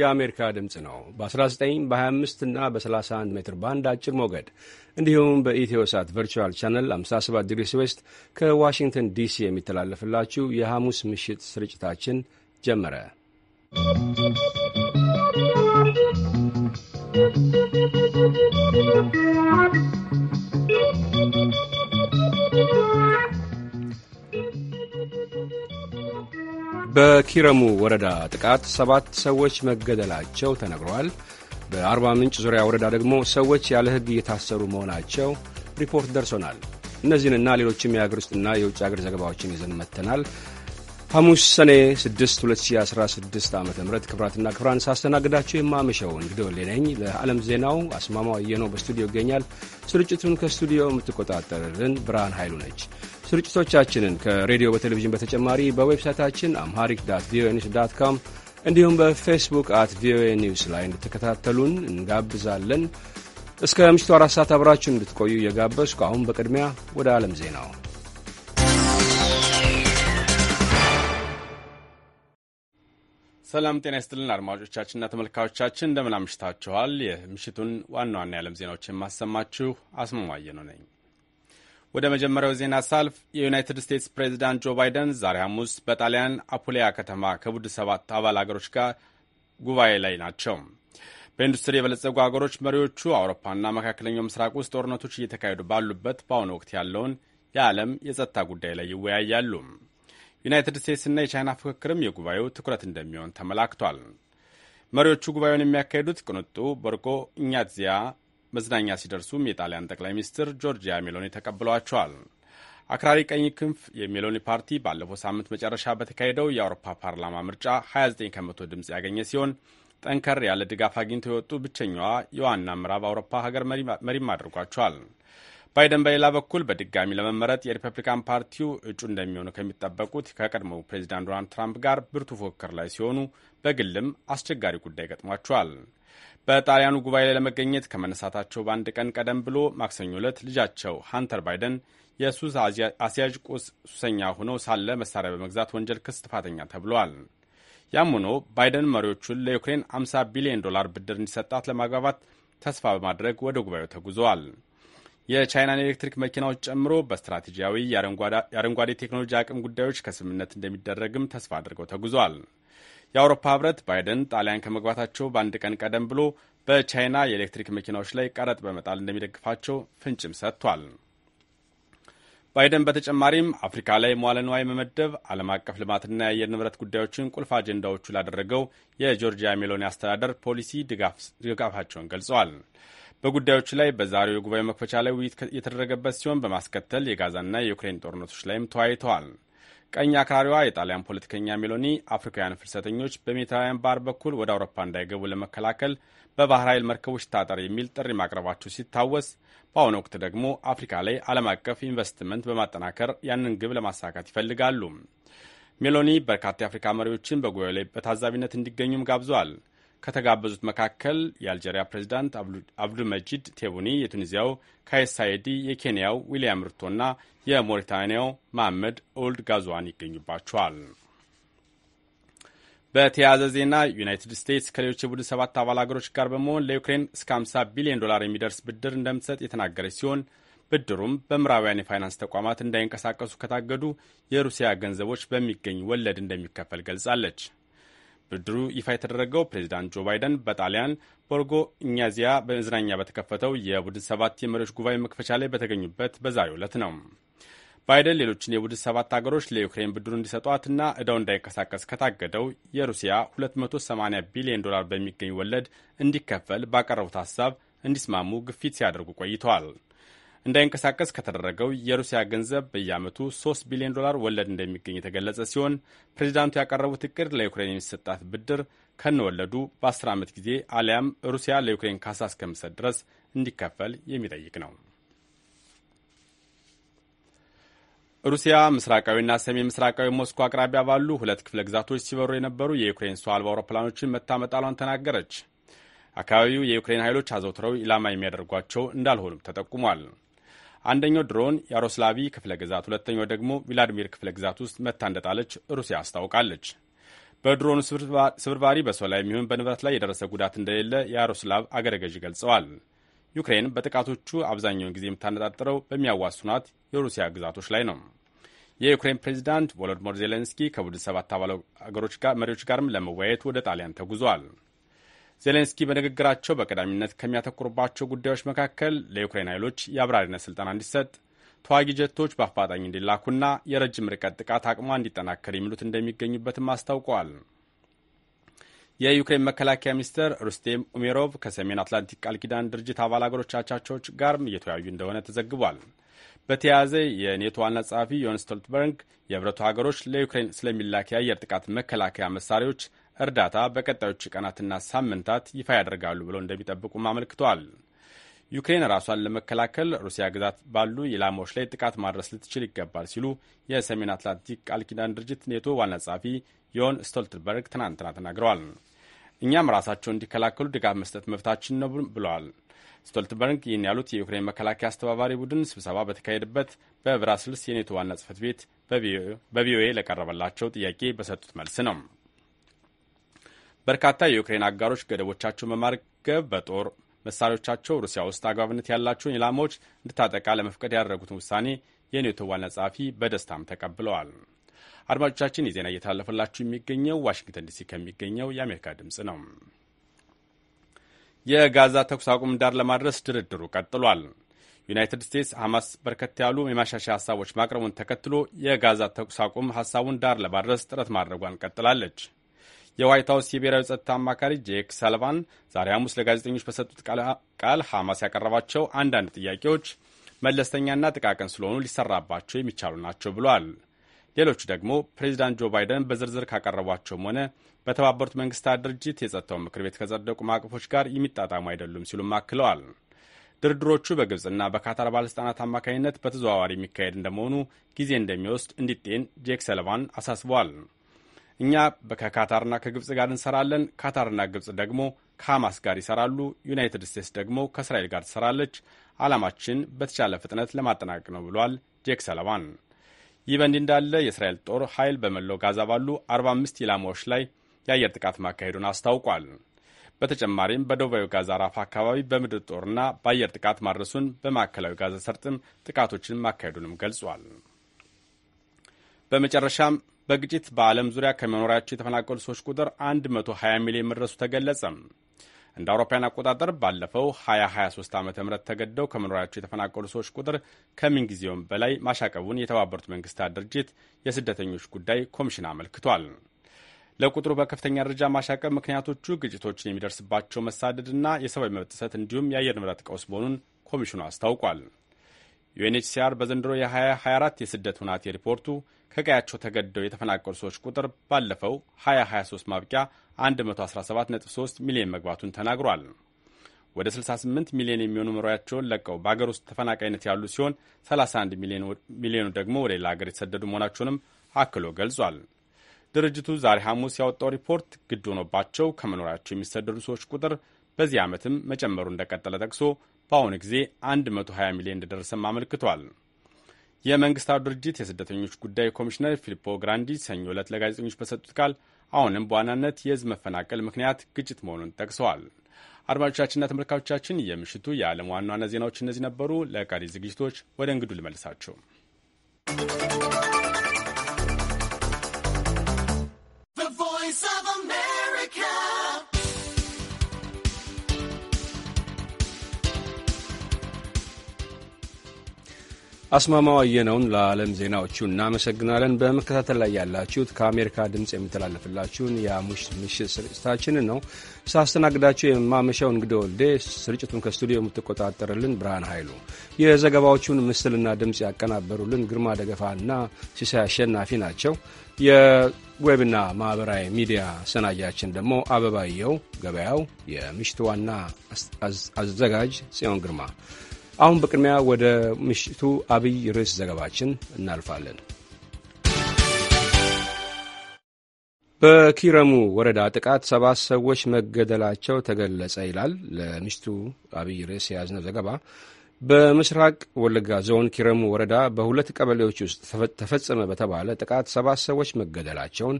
የአሜሪካ ድምፅ ነው። በ19 በ25 እና በ31 ሜትር ባንድ አጭር ሞገድ እንዲሁም ሳት ቨርቹዋል ቻነል 57 ዲግሪስ ዌስት ከዋሽንግተን ዲሲ የሚተላለፍላችሁ የሐሙስ ምሽት ስርጭታችን ጀመረ። በኪረሙ ወረዳ ጥቃት ሰባት ሰዎች መገደላቸው ተነግረዋል። በአርባ ምንጭ ዙሪያ ወረዳ ደግሞ ሰዎች ያለ ሕግ እየታሰሩ መሆናቸው ሪፖርት ደርሶናል። እነዚህንና ሌሎችም የአገር ውስጥና የውጭ አገር ዘገባዎችን ይዘን መጥተናል። ሐሙስ ሰኔ 6 2016 ዓ ም ክብራትና ክብራን ሳስተናግዳቸው የማመሸው እንግዲህ ነኝ። ለዓለም ዜናው አስማማው የነው በስቱዲዮ ይገኛል። ስርጭቱን ከስቱዲዮ የምትቆጣጠርልን ብርሃን ኃይሉ ነች። ስርጭቶቻችንን ከሬዲዮ በቴሌቪዥን በተጨማሪ በዌብሳይታችን አምሃሪክ ዳት ቪኦኤ ኒውስ ዳት ካም እንዲሁም በፌስቡክ አት ቪኦኤ ኒውስ ላይ እንድትከታተሉን እንጋብዛለን። እስከ ምሽቱ አራት ሰዓት አብራችሁ እንድትቆዩ እየጋበዝኩ አሁን በቅድሚያ ወደ ዓለም ዜናው ሰላም ጤና ይስጥልን አድማጮቻችንና ተመልካቾቻችን እንደምን አምሽታችኋል። የምሽቱን ዋና ዋና የዓለም ዜናዎች የማሰማችሁ አስማማየ ነው ነኝ። ወደ መጀመሪያው ዜና ሳልፍ የዩናይትድ ስቴትስ ፕሬዚዳንት ጆ ባይደን ዛሬ ሐሙስ በጣሊያን አፑሊያ ከተማ ከቡድ ሰባት አባል አገሮች ጋር ጉባኤ ላይ ናቸው። በኢንዱስትሪ የበለጸጉ አገሮች መሪዎቹ አውሮፓና መካከለኛው ምስራቅ ውስጥ ጦርነቶች እየተካሄዱ ባሉበት በአሁኑ ወቅት ያለውን የዓለም የጸጥታ ጉዳይ ላይ ይወያያሉ። ዩናይትድ ስቴትስና የቻይና ፉክክርም የጉባኤው ትኩረት እንደሚሆን ተመላክቷል። መሪዎቹ ጉባኤውን የሚያካሂዱት ቅንጡ በርቆ እኛትዚያ መዝናኛ ሲደርሱም የጣሊያን ጠቅላይ ሚኒስትር ጆርጂያ ሜሎኒ ተቀብለዋቸዋል። አክራሪ ቀኝ ክንፍ የሜሎኒ ፓርቲ ባለፈው ሳምንት መጨረሻ በተካሄደው የአውሮፓ ፓርላማ ምርጫ 29 ከመቶ ድምፅ ያገኘ ሲሆን ጠንከር ያለ ድጋፍ አግኝቶ የወጡ ብቸኛዋ የዋና ምዕራብ አውሮፓ ሀገር መሪም አድርጓቸዋል። ባይደን በሌላ በኩል በድጋሚ ለመመረጥ የሪፐብሊካን ፓርቲው እጩ እንደሚሆኑ ከሚጠበቁት ከቀድሞው ፕሬዚዳንት ዶናልድ ትራምፕ ጋር ብርቱ ፉክክር ላይ ሲሆኑ፣ በግልም አስቸጋሪ ጉዳይ ገጥሟቸዋል። በጣሊያኑ ጉባኤ ላይ ለመገኘት ከመነሳታቸው በአንድ ቀን ቀደም ብሎ ማክሰኞ ዕለት ልጃቸው ሃንተር ባይደን የሱስ አስያዥ ቁስ ሱሰኛ ሆነው ሳለ መሳሪያ በመግዛት ወንጀል ክስ ጥፋተኛ ተብለዋል። ያም ሆኖ ባይደን መሪዎቹን ለዩክሬን 50 ቢሊዮን ዶላር ብድር እንዲሰጣት ለማግባባት ተስፋ በማድረግ ወደ ጉባኤው ተጉዘዋል። የቻይናን ኤሌክትሪክ መኪናዎች ጨምሮ በስትራቴጂያዊ የአረንጓዴ ቴክኖሎጂ አቅም ጉዳዮች ከስምምነት እንደሚደረግም ተስፋ አድርገው ተጉዘዋል። የአውሮፓ ህብረት ባይደን ጣሊያን ከመግባታቸው በአንድ ቀን ቀደም ብሎ በቻይና የኤሌክትሪክ መኪናዎች ላይ ቀረጥ በመጣል እንደሚደግፋቸው ፍንጭም ሰጥቷል። ባይደን በተጨማሪም አፍሪካ ላይ መዋለ ንዋይ መመደብ፣ ዓለም አቀፍ ልማትና የአየር ንብረት ጉዳዮችን ቁልፍ አጀንዳዎቹ ላደረገው የጆርጂያ ሜሎኒ አስተዳደር ፖሊሲ ድጋፋቸውን ገልጸዋል። በጉዳዮቹ ላይ በዛሬው የጉባኤ መክፈቻ ላይ ውይይት የተደረገበት ሲሆን በማስከተል የጋዛና የዩክሬን ጦርነቶች ላይም ተወያይተዋል። ቀኝ አክራሪዋ የጣሊያን ፖለቲከኛ ሜሎኒ አፍሪካውያን ፍልሰተኞች በሜዲትራኒያን ባህር በኩል ወደ አውሮፓ እንዳይገቡ ለመከላከል በባህር ኃይል መርከቦች ታጠር የሚል ጥሪ ማቅረባቸው ሲታወስ፣ በአሁኑ ወቅት ደግሞ አፍሪካ ላይ ዓለም አቀፍ ኢንቨስትመንት በማጠናከር ያንን ግብ ለማሳካት ይፈልጋሉ። ሜሎኒ በርካታ የአፍሪካ መሪዎችን በጉባኤው ላይ በታዛቢነት እንዲገኙም ጋብዘዋል። ከተጋበዙት መካከል የአልጀሪያ ፕሬዚዳንት አብዱልመጂድ ቴቡኒ፣ የቱኒዚያው ካይስ ሳይዲ፣ የኬንያው ዊልያም ሩቶና የሞሪታንያው መሐመድ ኦልድ ጋዝዋን ይገኙባቸዋል። በተያያዘ ዜና ዩናይትድ ስቴትስ ከሌሎች የቡድን ሰባት አባል አገሮች ጋር በመሆን ለዩክሬን እስከ 50 ቢሊዮን ዶላር የሚደርስ ብድር እንደምትሰጥ የተናገረች ሲሆን ብድሩም በምዕራባውያን የፋይናንስ ተቋማት እንዳይንቀሳቀሱ ከታገዱ የሩሲያ ገንዘቦች በሚገኝ ወለድ እንደሚከፈል ገልጻለች። ብድሩ ይፋ የተደረገው ፕሬዚዳንት ጆ ባይደን በጣሊያን ቦርጎ እኛዚያ በመዝናኛ በተከፈተው የቡድን ሰባት የመሪዎች ጉባኤ መክፈቻ ላይ በተገኙበት በዛሬው ዕለት ነው። ባይደን ሌሎችን የቡድን ሰባት አገሮች ለዩክሬን ብድሩ እንዲሰጧትና ዕዳው እንዳይንቀሳቀስ ከታገደው የሩሲያ 280 ቢሊዮን ዶላር በሚገኝ ወለድ እንዲከፈል ባቀረቡት ሀሳብ እንዲስማሙ ግፊት ሲያደርጉ ቆይተዋል። እንዳይንቀሳቀስ ከተደረገው የሩሲያ ገንዘብ በየዓመቱ 3 ቢሊዮን ዶላር ወለድ እንደሚገኝ የተገለጸ ሲሆን ፕሬዚዳንቱ ያቀረቡት እቅድ ለዩክሬን የሚሰጣት ብድር ከነወለዱ በ10 ዓመት ጊዜ አሊያም ሩሲያ ለዩክሬን ካሳ እስከምሰጥ ድረስ እንዲከፈል የሚጠይቅ ነው። ሩሲያ ምስራቃዊና ሰሜን ምስራቃዊ ሞስኮ አቅራቢያ ባሉ ሁለት ክፍለ ግዛቶች ሲበሩ የነበሩ የዩክሬን ሰው አልባ አውሮፕላኖችን መታመጣሏን ተናገረች። አካባቢው የዩክሬን ኃይሎች አዘውትረው ኢላማ የሚያደርጓቸው እንዳልሆኑም ተጠቁሟል። አንደኛው ድሮን የአሮስላቪ ክፍለ ግዛት፣ ሁለተኛው ደግሞ ቪላዲሚር ክፍለ ግዛት ውስጥ መታ እንደጣለች ሩሲያ አስታውቃለች። በድሮኑ ስብርባሪ በሰው ላይ የሚሆን በንብረት ላይ የደረሰ ጉዳት እንደሌለ የያሮስላቭ አገረ ገዢ ገልጸዋል። ዩክሬን በጥቃቶቹ አብዛኛውን ጊዜ የምታነጣጥረው በሚያዋስኗት የሩሲያ ግዛቶች ላይ ነው። የዩክሬን ፕሬዚዳንት ቮሎዲሞር ዜሌንስኪ ከቡድን ሰባት አባል አገሮች ጋር መሪዎች ጋርም ለመወያየት ወደ ጣሊያን ተጉዟል። ዜሌንስኪ በንግግራቸው በቀዳሚነት ከሚያተኩሩባቸው ጉዳዮች መካከል ለዩክሬን ኃይሎች የአብራሪነት ስልጠና እንዲሰጥ፣ ተዋጊ ጀቶች በአፋጣኝ እንዲላኩና የረጅም ርቀት ጥቃት አቅሟ እንዲጠናከር የሚሉት እንደሚገኙበትም አስታውቀዋል። የዩክሬን መከላከያ ሚኒስትር ሩስቴም ኡሜሮቭ ከሰሜን አትላንቲክ ቃል ኪዳን ድርጅት አባል አገሮች አቻቻዎች ጋርም እየተወያዩ እንደሆነ ተዘግቧል። በተያያዘ የኔቶ ዋና ጸሐፊ ዮን ስቶልትበርግ የህብረቱ ሀገሮች ለዩክሬን ስለሚላክ የአየር ጥቃት መከላከያ መሳሪያዎች እርዳታ በቀጣዮቹ ቀናትና ሳምንታት ይፋ ያደርጋሉ ብለው እንደሚጠብቁም አመልክተዋል። ዩክሬን ራሷን ለመከላከል ሩሲያ ግዛት ባሉ ኢላማዎች ላይ ጥቃት ማድረስ ልትችል ይገባል ሲሉ የሰሜን አትላንቲክ ቃል ኪዳን ድርጅት ኔቶ ዋና ጸሐፊ ዮን ስቶልትንበርግ ትናንትና ተናግረዋል። እኛም ራሳቸውን እንዲከላከሉ ድጋፍ መስጠት መብታችን ነው ብለዋል። ስቶልትንበርግ ይህን ያሉት የዩክሬን መከላከያ አስተባባሪ ቡድን ስብሰባ በተካሄደበት በብራስልስ የኔቶ ዋና ጽህፈት ቤት በቪኦኤ ለቀረበላቸው ጥያቄ በሰጡት መልስ ነው። በርካታ የዩክሬን አጋሮች ገደቦቻቸውን በማርገብ በጦር መሳሪያዎቻቸው ሩሲያ ውስጥ አግባብነት ያላቸውን ኢላማዎች እንድታጠቃ ለመፍቀድ ያደረጉትን ውሳኔ የኔቶ ዋና ጸሐፊ በደስታም ተቀብለዋል። አድማጮቻችን የዜና እየተላለፈላችሁ የሚገኘው ዋሽንግተን ዲሲ ከሚገኘው የአሜሪካ ድምፅ ነው። የጋዛ ተኩስ አቁም ዳር ለማድረስ ድርድሩ ቀጥሏል። ዩናይትድ ስቴትስ ሐማስ በርከት ያሉ የማሻሻያ ሀሳቦች ማቅረቡን ተከትሎ የጋዛ ተኩስ አቁም ሀሳቡን ዳር ለማድረስ ጥረት ማድረጓን ቀጥላለች። የዋይት ሀውስ የብሔራዊ ጸጥታ አማካሪ ጄክ ሰልቫን ዛሬ ሐሙስ ለጋዜጠኞች በሰጡት ቃል ሐማስ ያቀረባቸው አንዳንድ ጥያቄዎች መለስተኛና ጥቃቅን ስለሆኑ ሊሰራባቸው የሚቻሉ ናቸው ብሏል። ሌሎቹ ደግሞ ፕሬዚዳንት ጆ ባይደን በዝርዝር ካቀረቧቸውም ሆነ በተባበሩት መንግስታት ድርጅት የጸጥታው ምክር ቤት ከጸደቁ ማዕቀፎች ጋር የሚጣጣሙ አይደሉም ሲሉም አክለዋል። ድርድሮቹ በግብፅና በካታር ባለሥልጣናት አማካኝነት በተዘዋዋሪ የሚካሄድ እንደመሆኑ ጊዜ እንደሚወስድ እንዲጤን ጄክ ሰለቫን አሳስበዋል። እኛ ከካታርና ከግብፅ ጋር እንሰራለን። ካታርና ግብፅ ደግሞ ከሐማስ ጋር ይሰራሉ። ዩናይትድ ስቴትስ ደግሞ ከእስራኤል ጋር ትሰራለች። ዓላማችን በተቻለ ፍጥነት ለማጠናቀቅ ነው ብሏል ጄክ ሰለቫን። ይህ በእንዲህ እንዳለ የእስራኤል ጦር ኃይል በመላው ጋዛ ባሉ 45 ኢላማዎች ላይ የአየር ጥቃት ማካሄዱን አስታውቋል። በተጨማሪም በደቡባዊ ጋዛ ራፋ አካባቢ በምድር ጦርና በአየር ጥቃት ማድረሱን፣ በማዕከላዊ ጋዛ ሰርጥም ጥቃቶችን ማካሄዱንም ገልጿል። በመጨረሻም በግጭት በዓለም ዙሪያ ከመኖሪያቸው የተፈናቀሉ ሰዎች ቁጥር 120 ሚሊዮን መድረሱ ተገለጸ። እንደ አውሮፓውያን አቆጣጠር ባለፈው 2023 ዓ ም ተገደው ከመኖሪያቸው የተፈናቀሉ ሰዎች ቁጥር ከምንጊዜውም በላይ ማሻቀቡን የተባበሩት መንግስታት ድርጅት የስደተኞች ጉዳይ ኮሚሽን አመልክቷል። ለቁጥሩ በከፍተኛ ደረጃ ማሻቀብ ምክንያቶቹ ግጭቶችን የሚደርስባቸው መሳደድና የሰብአዊ መብት ጥሰት እንዲሁም የአየር ንብረት ቀውስ መሆኑን ኮሚሽኑ አስታውቋል። ዩኤንኤችሲአር በዘንድሮ የ2024 የስደት ሁናቴ ሪፖርቱ ከቀያቸው ተገደው የተፈናቀሉ ሰዎች ቁጥር ባለፈው 2023 ማብቂያ 117.3 ሚሊዮን መግባቱን ተናግሯል። ወደ 68 ሚሊዮን የሚሆኑ መኖሪያቸውን ለቀው በአገር ውስጥ ተፈናቃይነት ያሉ ሲሆን 31 ሚሊዮኑ ደግሞ ወደ ሌላ ሀገር የተሰደዱ መሆናቸውንም አክሎ ገልጿል። ድርጅቱ ዛሬ ሐሙስ ያወጣው ሪፖርት ግድ ሆኖባቸው ከመኖሪያቸው የሚሰደዱ ሰዎች ቁጥር በዚህ ዓመትም መጨመሩ እንደቀጠለ ጠቅሶ በአሁኑ ጊዜ 120 ሚሊዮን እንደደረሰም አመልክቷል። የመንግስታቱ ድርጅት የስደተኞች ጉዳይ ኮሚሽነር ፊሊፖ ግራንዲ ሰኞ ዕለት ለጋዜጠኞች በሰጡት ቃል አሁንም በዋናነት የህዝብ መፈናቀል ምክንያት ግጭት መሆኑን ጠቅሰዋል። አድማጮቻችንና ተመልካቾቻችን የምሽቱ የዓለም ዋና ዋና ዜናዎች እነዚህ ነበሩ። ለቀሪ ዝግጅቶች ወደ እንግዱ ልመልሳቸው። አስማማው አየነውን ለዓለም ዜናዎቹ እናመሰግናለን። በመከታተል ላይ ያላችሁት ከአሜሪካ ድምፅ የሚተላለፍላችሁን የሐሙስ ምሽት ስርጭታችንን ነው። ሳስተናግዳችሁ የማመሻው እንግዳ ወልዴ፣ ስርጭቱን ከስቱዲዮ የምትቆጣጠርልን ብርሃን ኃይሉ፣ የዘገባዎቹን ምስልና ድምፅ ያቀናበሩልን ግርማ ደገፋና ሲሳይ አሸናፊ ናቸው። የዌብና ማኅበራዊ ሚዲያ ሰናያችን ደግሞ አበባየው ገበያው፣ የምሽቱ ዋና አዘጋጅ ጽዮን ግርማ አሁን በቅድሚያ ወደ ምሽቱ አብይ ርዕስ ዘገባችን እናልፋለን። በኪረሙ ወረዳ ጥቃት ሰባት ሰዎች መገደላቸው ተገለጸ ይላል ለምሽቱ አብይ ርዕስ የያዝነው ዘገባ። በምስራቅ ወለጋ ዞን ኪረሙ ወረዳ በሁለት ቀበሌዎች ውስጥ ተፈጸመ በተባለ ጥቃት ሰባት ሰዎች መገደላቸውን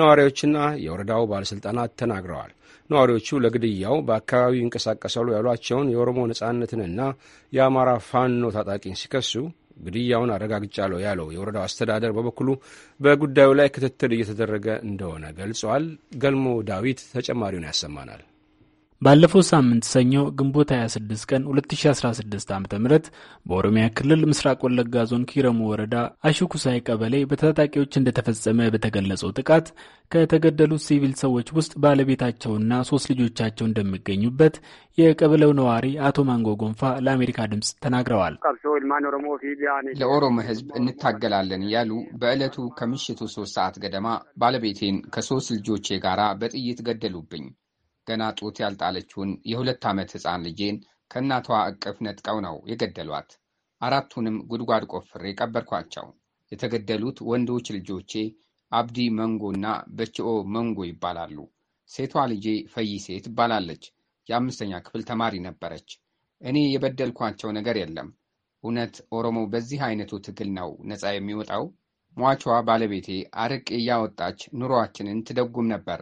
ነዋሪዎችና የወረዳው ባለሥልጣናት ተናግረዋል። ነዋሪዎቹ ለግድያው በአካባቢው ይንቀሳቀሳሉ ያሏቸውን የኦሮሞ ነጻነትንና የአማራ ፋኖ ታጣቂን ሲከሱ ግድያውን አረጋግጫለሁ ያለው የወረዳው አስተዳደር በበኩሉ በጉዳዩ ላይ ክትትል እየተደረገ እንደሆነ ገልጿል። ገልሞ ዳዊት ተጨማሪውን ያሰማናል። ባለፈው ሳምንት ሰኞ ግንቦት 26 ቀን 2016 ዓ ም በኦሮሚያ ክልል ምስራቅ ወለጋ ዞን ኪረሙ ወረዳ አሽኩሳይ ቀበሌ በታጣቂዎች እንደተፈጸመ በተገለጸው ጥቃት ከተገደሉት ሲቪል ሰዎች ውስጥ ባለቤታቸውና ሶስት ልጆቻቸው እንደሚገኙበት የቀበሌው ነዋሪ አቶ ማንጎ ጎንፋ ለአሜሪካ ድምፅ ተናግረዋል። ለኦሮሞ ሕዝብ እንታገላለን ያሉ በዕለቱ ከምሽቱ ሶስት ሰዓት ገደማ ባለቤቴን ከሶስት ልጆቼ ጋር በጥይት ገደሉብኝ። ገና ጡት ያልጣለችውን የሁለት ዓመት ሕፃን ልጄን ከእናቷ እቅፍ ነጥቀው ነው የገደሏት። አራቱንም ጉድጓድ ቆፍሬ ቀበርኳቸው። የተገደሉት ወንዶች ልጆቼ አብዲ መንጎና በችኦ መንጎ ይባላሉ። ሴቷ ልጄ ፈይሴ ትባላለች። የአምስተኛ ክፍል ተማሪ ነበረች። እኔ የበደልኳቸው ነገር የለም። እውነት ኦሮሞ በዚህ አይነቱ ትግል ነው ነፃ የሚወጣው? ሟቿ ባለቤቴ አርቅ እያወጣች ኑሯችንን ትደጉም ነበር።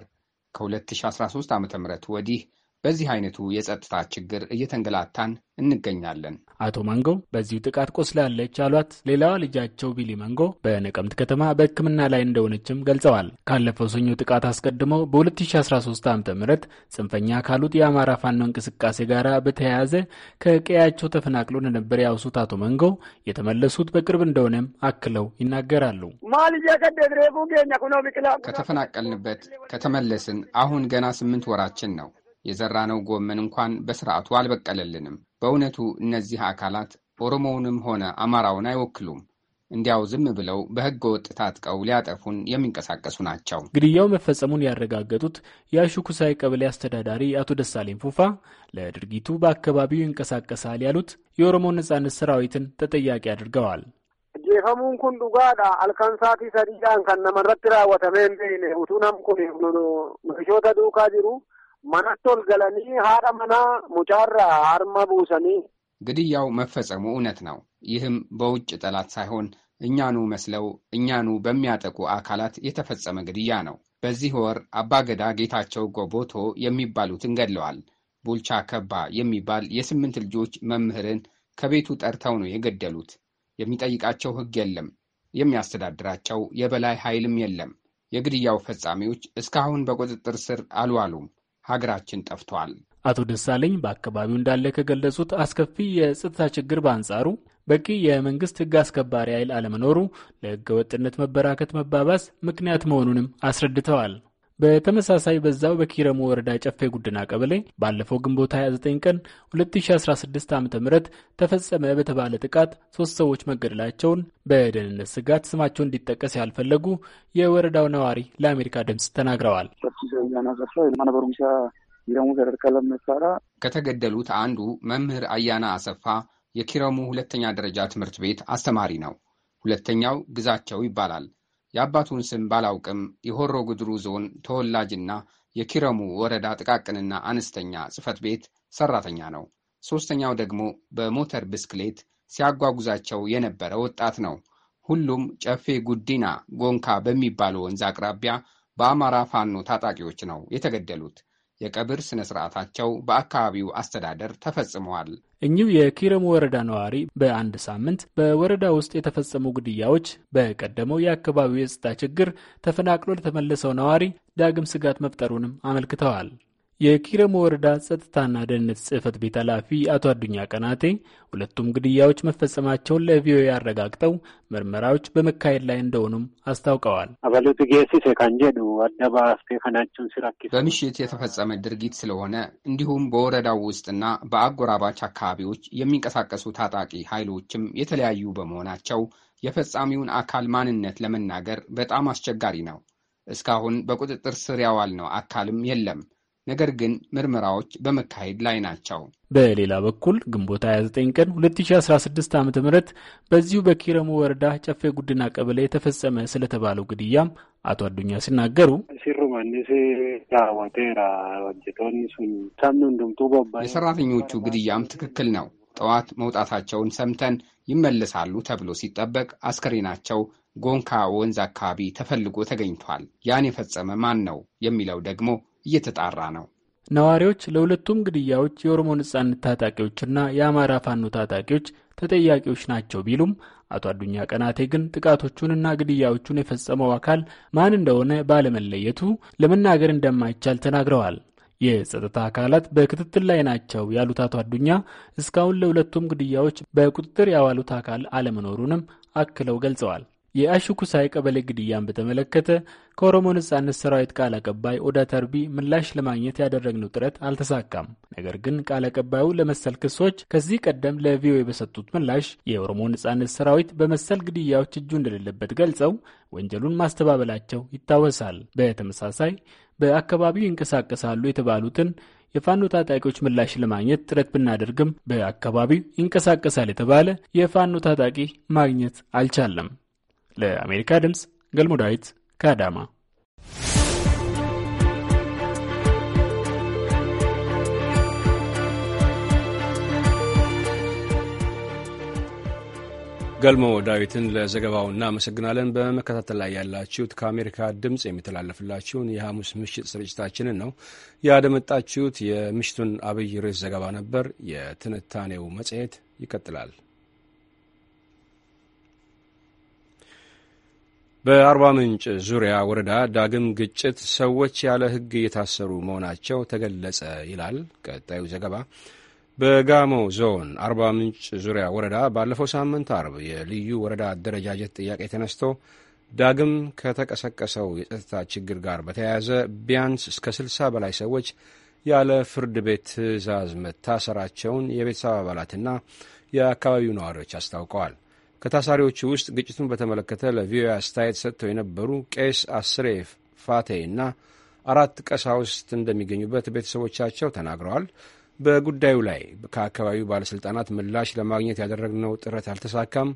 ከ2013 ዓ.ም ወዲህ በዚህ አይነቱ የጸጥታ ችግር እየተንገላታን እንገኛለን። አቶ ማንጎ በዚሁ ጥቃት ቆስላለች አሏት። ሌላዋ ልጃቸው ቢሊ ማንጎ በነቀምት ከተማ በሕክምና ላይ እንደሆነችም ገልጸዋል። ካለፈው ሰኞ ጥቃት አስቀድሞ በ2013 ዓ ም ጽንፈኛ ካሉት የአማራ ፋኖ እንቅስቃሴ ጋር በተያያዘ ከቀያቸው ተፈናቅሎ እንደነበር ያውሱት አቶ ማንጎ የተመለሱት በቅርብ እንደሆነም አክለው ይናገራሉ። ከተፈናቀልንበት ከተመለስን አሁን ገና ስምንት ወራችን ነው። የዘራነው ጎመን እንኳን በስርዓቱ አልበቀለልንም። በእውነቱ እነዚህ አካላት ኦሮሞውንም ሆነ አማራውን አይወክሉም። እንዲያው ዝም ብለው በህገ ወጥ ታጥቀው ሊያጠፉን የሚንቀሳቀሱ ናቸው። ግድያው መፈጸሙን ያረጋገጡት የአሹኩሳይ ቀበሌ አስተዳዳሪ አቶ ደሳሌን ፉፋ ለድርጊቱ በአካባቢው ይንቀሳቀሳል ያሉት የኦሮሞ ነጻነት ሰራዊትን ተጠያቂ አድርገዋል። ጀፈሙን ኩን ዱጋዳ አልከንሳቲ ሰዲዳን ከነመረት ራወተሜን ቱነም ኩን ዱካ ጅሩ manatti ol galanii haadha manaa mucaarራ አርማ buusanii ግድያው መፈጸሙ እውነት ነው። ይህም በውጭ ጠላት ሳይሆን እኛኑ መስለው እኛኑ በሚያጠቁ አካላት የተፈጸመ ግድያ ነው። በዚህ ወር አባገዳ ጌታቸው ጎቦቶ የሚባሉትን ገድለዋል። ቡልቻ ከባ የሚባል የስምንት ልጆች መምህርን ከቤቱ ጠርተው ነው የገደሉት። የሚጠይቃቸው ሕግ የለም። የሚያስተዳድራቸው የበላይ ኃይልም የለም። የግድያው ፈጻሚዎች እስካሁን በቁጥጥር ስር አልዋሉም። ሀገራችን ጠፍቷል። አቶ ደሳለኝ በአካባቢው እንዳለ ከገለጹት አስከፊ የጸጥታ ችግር በአንጻሩ በቂ የመንግስት ህግ አስከባሪ ኃይል አለመኖሩ ለህገ ወጥነት መበራከት መባባስ ምክንያት መሆኑንም አስረድተዋል። በተመሳሳይ በዛው በኪረሙ ወረዳ ጨፌ ጉድና ቀበሌ ባለፈው ግንቦት 29 ቀን 2016 ዓ ም ተፈጸመ በተባለ ጥቃት ሶስት ሰዎች መገደላቸውን በደህንነት ስጋት ስማቸው እንዲጠቀስ ያልፈለጉ የወረዳው ነዋሪ ለአሜሪካ ድምፅ ተናግረዋል። ከተገደሉት አንዱ መምህር አያና አሰፋ የኪረሙ ሁለተኛ ደረጃ ትምህርት ቤት አስተማሪ ነው። ሁለተኛው ግዛቸው ይባላል። የአባቱን ስም ባላውቅም የሆሮ ጉድሩ ዞን ተወላጅና የኪረሙ ወረዳ ጥቃቅንና አነስተኛ ጽፈት ቤት ሰራተኛ ነው። ሦስተኛው ደግሞ በሞተር ብስክሌት ሲያጓጉዛቸው የነበረ ወጣት ነው። ሁሉም ጨፌ ጉዲና ጎንካ በሚባለው ወንዝ አቅራቢያ በአማራ ፋኖ ታጣቂዎች ነው የተገደሉት። የቀብር ስነ ስርዓታቸው በአካባቢው አስተዳደር ተፈጽመዋል። እኚሁ የኪረሙ ወረዳ ነዋሪ በአንድ ሳምንት በወረዳ ውስጥ የተፈጸሙ ግድያዎች በቀደመው የአካባቢው የጸጥታ ችግር ተፈናቅሎ ለተመለሰው ነዋሪ ዳግም ስጋት መፍጠሩንም አመልክተዋል። የኪረሙ ወረዳ ጸጥታና ደህንነት ጽህፈት ቤት ኃላፊ አቶ አዱኛ ቀናቴ ሁለቱም ግድያዎች መፈጸማቸውን ለቪኦኤ አረጋግጠው ምርመራዎች በመካሄድ ላይ እንደሆኑም አስታውቀዋል። አበሉት ጌሲሴ ካንጀዱ በምሽት የተፈጸመ ድርጊት ስለሆነ እንዲሁም በወረዳው ውስጥና በአጎራባች አካባቢዎች የሚንቀሳቀሱ ታጣቂ ኃይሎችም የተለያዩ በመሆናቸው የፈጻሚውን አካል ማንነት ለመናገር በጣም አስቸጋሪ ነው። እስካሁን በቁጥጥር ስር ያዋል ነው አካልም የለም። ነገር ግን ምርመራዎች በመካሄድ ላይ ናቸው። በሌላ በኩል ግንቦት 29 ቀን 2016 ዓ ም በዚሁ በኪረሙ ወረዳ ጨፌ ጉድና ቀበሌ የተፈጸመ ስለተባለው ግድያም አቶ አዱኛ ሲናገሩ የሰራተኞቹ ግድያም ትክክል ነው። ጠዋት መውጣታቸውን ሰምተን ይመለሳሉ ተብሎ ሲጠበቅ አስከሬናቸው ጎንካ ወንዝ አካባቢ ተፈልጎ ተገኝቷል። ያን የፈጸመ ማን ነው የሚለው ደግሞ እየተጣራ ነው። ነዋሪዎች ለሁለቱም ግድያዎች የኦሮሞ ነጻነት ታጣቂዎችና የአማራ ፋኖ ታጣቂዎች ተጠያቂዎች ናቸው ቢሉም አቶ አዱኛ ቀናቴ ግን ጥቃቶቹንና ግድያዎቹን የፈጸመው አካል ማን እንደሆነ ባለመለየቱ ለመናገር እንደማይቻል ተናግረዋል። የጸጥታ አካላት በክትትል ላይ ናቸው ያሉት አቶ አዱኛ እስካሁን ለሁለቱም ግድያዎች በቁጥጥር ያዋሉት አካል አለመኖሩንም አክለው ገልጸዋል። የአሽኩሳይ ቀበሌ ግድያን በተመለከተ ከኦሮሞ ነጻነት ሰራዊት ቃል አቀባይ ኦዳ ተርቢ ምላሽ ለማግኘት ያደረግነው ጥረት አልተሳካም። ነገር ግን ቃል አቀባዩ ለመሰል ክሶች ከዚህ ቀደም ለቪኦኤ በሰጡት ምላሽ የኦሮሞ ነጻነት ሰራዊት በመሰል ግድያዎች እጁ እንደሌለበት ገልጸው ወንጀሉን ማስተባበላቸው ይታወሳል። በተመሳሳይ በአካባቢው ይንቀሳቀሳሉ የተባሉትን የፋኖ ታጣቂዎች ምላሽ ለማግኘት ጥረት ብናደርግም በአካባቢው ይንቀሳቀሳል የተባለ የፋኖ ታጣቂ ማግኘት አልቻለም። ለአሜሪካ ድምፅ ገልሞ ዳዊት ከአዳማ። ገልሞ ዳዊትን ለዘገባው እናመሰግናለን። በመከታተል ላይ ያላችሁት ከአሜሪካ ድምፅ የሚተላለፍላችሁን የሐሙስ ምሽት ስርጭታችንን ነው ያደመጣችሁት። የምሽቱን አብይ ርዕስ ዘገባ ነበር። የትንታኔው መጽሔት ይቀጥላል። በአርባ ምንጭ ዙሪያ ወረዳ ዳግም ግጭት ሰዎች ያለ ሕግ እየታሰሩ መሆናቸው ተገለጸ ይላል ቀጣዩ ዘገባ። በጋሞ ዞን አርባ ምንጭ ዙሪያ ወረዳ ባለፈው ሳምንት አርብ የልዩ ወረዳ አደረጃጀት ጥያቄ ተነስቶ ዳግም ከተቀሰቀሰው የጸጥታ ችግር ጋር በተያያዘ ቢያንስ እስከ 60 በላይ ሰዎች ያለ ፍርድ ቤት ትዕዛዝ መታሰራቸውን የቤተሰብ አባላትና የአካባቢው ነዋሪዎች አስታውቀዋል። ከታሳሪዎቹ ውስጥ ግጭቱን በተመለከተ ለቪኦኤ አስተያየት ሰጥተው የነበሩ ቄስ አስሬ ፋቴ እና አራት ቀሳውስት እንደሚገኙበት ቤተሰቦቻቸው ተናግረዋል። በጉዳዩ ላይ ከአካባቢው ባለሥልጣናት ምላሽ ለማግኘት ያደረግነው ጥረት አልተሳካም።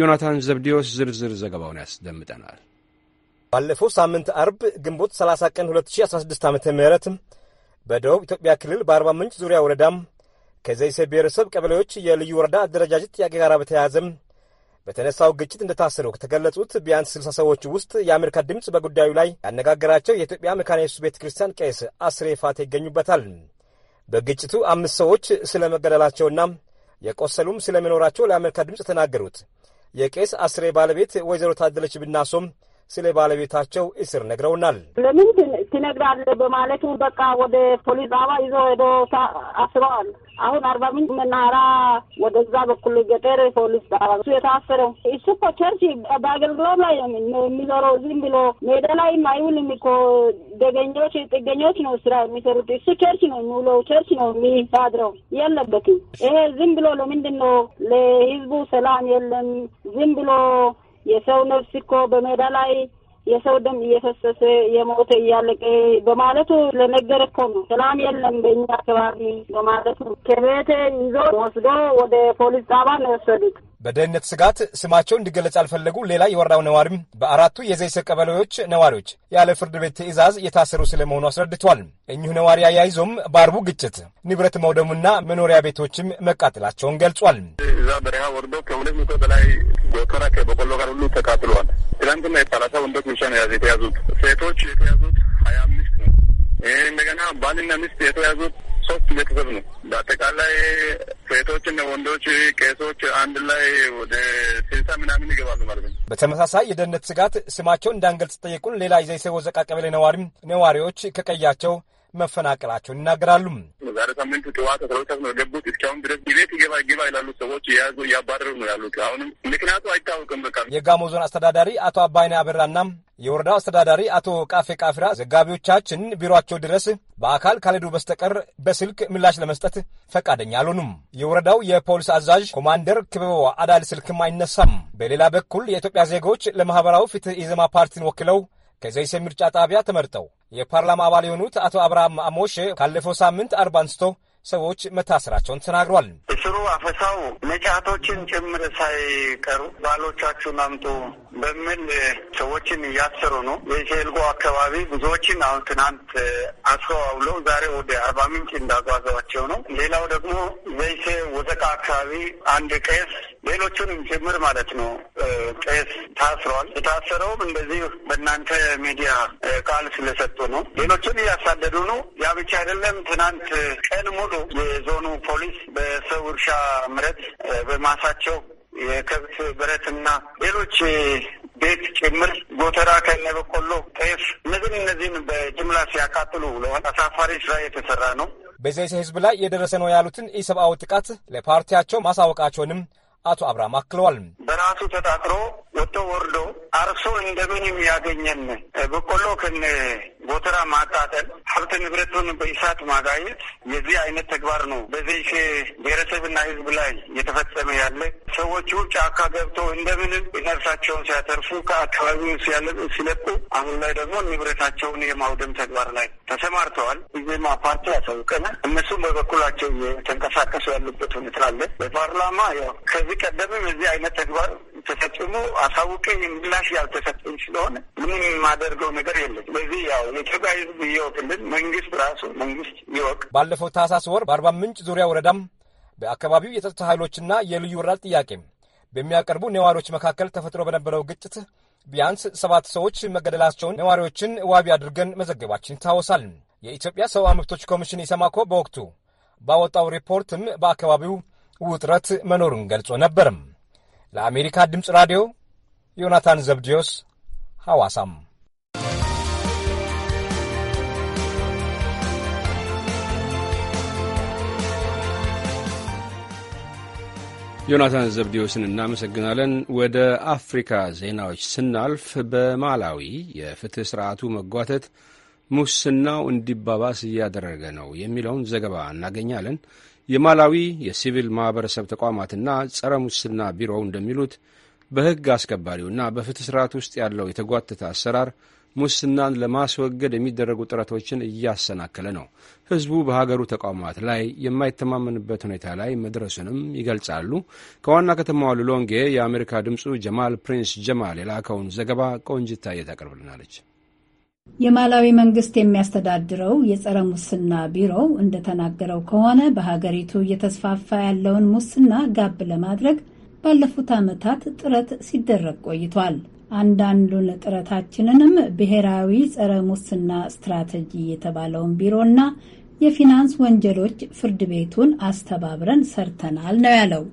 ዮናታን ዘብዲዮስ ዝርዝር ዘገባውን ያስደምጠናል። ባለፈው ሳምንት አርብ ግንቦት 30 ቀን 2016 ዓ ም በደቡብ ኢትዮጵያ ክልል በአርባ ምንጭ ዙሪያ ወረዳም ከዘይሴ ብሔረሰብ ቀበሌዎች የልዩ ወረዳ አደረጃጀት ጥያቄ ጋር በተያያዘም በተነሳው ግጭት እንደታሰሩ ከተገለጹት ቢያንስ ስልሳ ሰዎች ውስጥ የአሜሪካ ድምፅ በጉዳዩ ላይ ያነጋገራቸው የኢትዮጵያ መካነ ኢየሱስ ቤተ ክርስቲያን ቄስ አስሬ ፋት ይገኙበታል። በግጭቱ አምስት ሰዎች ስለመገደላቸውና የቆሰሉም ስለመኖራቸው ለአሜሪካ ድምፅ የተናገሩት የቄስ አስሬ ባለቤት ወይዘሮ ታደለች ብናሶም ስለ ባለቤታቸው እስር ነግረውናል። ለምን ትነግራለህ በማለቱ በቃ ወደ ፖሊስ ጣባ ይዞ ሄዶ አስረዋል። አሁን አርባ ምንጭ መናራ ወደዛ በኩል ገጠር ፖሊስ ጣባ እሱ የታሰረው እሱ እኮ ቸርች በአገልግሎት ላይ የሚዞረው ዝም ብሎ ሜዳ ላይ አይውልም እኮ ደገኞች፣ ጥገኞች ነው ስራ የሚሰሩት። እሱ ቸርች ነው የሚውለው፣ ቸርች ነው የሚያድረው። የለበትም ይሄ ዝም ብሎ ለምንድን ነው ለህዝቡ ሰላም የለም ዝም ብሎ የሰው ነፍስ እኮ በሜዳ ላይ የሰው ደም እየፈሰሰ የሞተ እያለቀ በማለቱ ስለነገር እኮ ነው። ሰላም የለም በእኛ አካባቢ በማለቱ ከቤቴ ይዞ ወስዶ ወደ ፖሊስ ጣባ ነው የወሰዱት። በደህንነት ስጋት ስማቸው እንዲገለጽ አልፈለጉ ሌላ የወረዳው ነዋሪም በአራቱ የዘይሰ ቀበሌዎች ነዋሪዎች ያለ ፍርድ ቤት ትዕዛዝ የታሰሩ ስለመሆኑ አስረድቷል። እኚሁ ነዋሪ አያይዞም በአርቡ ግጭት ንብረት መውደሙና መኖሪያ ቤቶችም መቃጠላቸውን ገልጿል። እዛ በረሃ ወርዶ ከሁለት መቶ በላይ ጎተራ ከበቆሎ ጋር ሁሉ ተቃጥሏል። ትናንትና የሰላሳ ወንዶች ሚሻ ነው የተያዙት። ሴቶች የተያዙት ሀያ አምስት ነው። ይህ እንደገና ባልና ሚስት የተያዙት ሶስት ቤተሰብ ነው። በአጠቃላይ ሴቶችና ወንዶች ቄሶች አንድ ላይ ወደ ስልሳ ምናምን ይገባሉ ማለት ነው። በተመሳሳይ የደህንነት ስጋት ስማቸው እንዳንገልጽ ጠየቁን ሌላ የዘይሴ ወዘቃ ቀበሌ ነዋሪም ነዋሪዎች ከቀያቸው መፈናቀላቸውን ይናገራሉ። ዛሬ ሳምንት ጠዋት አስራ ሁለት ነው የገቡት። እስካሁን ድረስ ቤት ግባ ይገባ ይላሉ ሰዎች የያዙ እያባረሩ ነው ያሉት። አሁንም ምክንያቱ አይታወቅም። በቃ የጋሞ ዞን አስተዳዳሪ አቶ አባይነ አበራና የወረዳው አስተዳዳሪ አቶ ቃፌ ቃፍራ ዘጋቢዎቻችን ቢሮቸው ድረስ በአካል ካልሄዱ በስተቀር በስልክ ምላሽ ለመስጠት ፈቃደኛ አልሆኑም። የወረዳው የፖሊስ አዛዥ ኮማንደር ክበቦ አዳል ስልክም አይነሳም። በሌላ በኩል የኢትዮጵያ ዜጎች ለማህበራዊ ፍትህ ኢዜማ ፓርቲን ወክለው ከዘይሴ ምርጫ ጣቢያ ተመርጠው የፓርላማ አባል የሆኑት አቶ አብርሃም አሞሼ ካለፈው ሳምንት አርብ አንስቶ ሰዎች መታሰራቸውን ተናግሯል። በአጭሩ አፈሳው ነጫቶችን ጭምር ሳይቀሩ ባሎቻችሁን አምጡ በሚል ሰዎችን እያሰሩ ነው። የሴልጎ አካባቢ ብዙዎችን አሁን ትናንት አስሮ አውለው ዛሬ ወደ አርባ ምንጭ እንዳጓዘዋቸው ነው። ሌላው ደግሞ ዘይሴ ወዘቃ አካባቢ አንድ ቄስ ሌሎቹንም ጭምር ማለት ነው ቄስ ታስሯል። የታሰረውም እንደዚህ በእናንተ ሚዲያ ቃል ስለሰጡ ነው። ሌሎቹን እያሳደዱ ነው። ያ ብቻ አይደለም። ትናንት ቀን ሙሉ የዞኑ ፖሊስ በሰው የእርሻ ምረት በማሳቸው የከብት ብረትና ሌሎች ቤት ጭምር ጎተራ ከነ በቆሎ፣ ጤፍ እነዚህን እነዚህን በጅምላ ሲያቃጥሉ ለሆነ አሳፋሪ ስራ የተሰራ ነው። በዘይሴ ህዝብ ላይ የደረሰ ነው ያሉትን ኢሰብአዊ ጥቃት ለፓርቲያቸው ማሳወቃቸውንም አቶ አብርሃም አክለዋል። በራሱ ተጣጥሮ ወጥቶ ወርዶ አርሶ እንደምንም ያገኘን በቆሎ ከነ ጎተራ ማቃጠል፣ ሀብት ንብረቱን በእሳት ማጋየት የዚህ አይነት ተግባር ነው በዘይሴ ብሔረሰብና ሕዝብ ላይ እየተፈጸመ ያለ። ሰዎቹ ጫካ ገብቶ እንደምንም ነፍሳቸውን ሲያተርፉ ከአካባቢውን ሲለቁ፣ አሁን ላይ ደግሞ ንብረታቸውን የማውደም ተግባር ላይ ተሰማርተዋል። ኢዜማ ፓርቲ ያሳውቀናል። እነሱም በበኩላቸው እየተንቀሳቀሱ ያሉበት ሁኔታ አለ። በፓርላማ ያው ከዚህ ቀደምም እዚህ አይነት ተግባር ተፈጽሞ አሳውቄ ምላሽ ያልተሰጠኝ ስለሆነ ምንም የማደርገው ነገር የለም። በዚህ ያው የኢትዮጵያ ሕዝብ ይወቅልን፣ መንግስት ራሱ መንግስት ይወቅ። ባለፈው ታህሳስ ወር በአርባ ምንጭ ዙሪያ ወረዳም በአካባቢው የጸጥታ ኃይሎችና የልዩ ወረዳ ጥያቄ በሚያቀርቡ ነዋሪዎች መካከል ተፈጥሮ በነበረው ግጭት ቢያንስ ሰባት ሰዎች መገደላቸውን ነዋሪዎችን ዋቢ አድርገን መዘገባችን ይታወሳል። የኢትዮጵያ ሰብአዊ መብቶች ኮሚሽን ኢሰማኮ በወቅቱ ባወጣው ሪፖርትም በአካባቢው ውጥረት መኖሩን ገልጾ ነበርም። ለአሜሪካ ድምፅ ራዲዮ ዮናታን ዘብዲዮስ ሐዋሳም ዮናታን ዘብዲዮስን እናመሰግናለን። ወደ አፍሪካ ዜናዎች ስናልፍ በማላዊ የፍትሕ ሥርዓቱ መጓተት ሙስናው እንዲባባስ እያደረገ ነው የሚለውን ዘገባ እናገኛለን። የማላዊ የሲቪል ማኅበረሰብ ተቋማትና ጸረ ሙስና ቢሮው እንደሚሉት በሕግ አስከባሪውና በፍትህ ስርዓት ውስጥ ያለው የተጓተተ አሰራር ሙስናን ለማስወገድ የሚደረጉ ጥረቶችን እያሰናከለ ነው። ህዝቡ በሀገሩ ተቋማት ላይ የማይተማመንበት ሁኔታ ላይ መድረሱንም ይገልጻሉ። ከዋና ከተማዋ ሉሎንጌ የአሜሪካ ድምፁ ጀማል ፕሪንስ ጀማል የላከውን ዘገባ ቆንጅታ እየታቀርብልናለች። የማላዊ መንግስት የሚያስተዳድረው የጸረ ሙስና ቢሮው እንደተናገረው ከሆነ በሀገሪቱ እየተስፋፋ ያለውን ሙስና ጋብ ለማድረግ ባለፉት ዓመታት ጥረት ሲደረግ ቆይቷል። አንዳንዱን ጥረታችንንም ብሔራዊ ጸረ ሙስና ስትራቴጂ የተባለውን ቢሮና የፊናንስ ወንጀሎች ፍርድ ቤቱን አስተባብረን ሰርተናል ነው ያለው።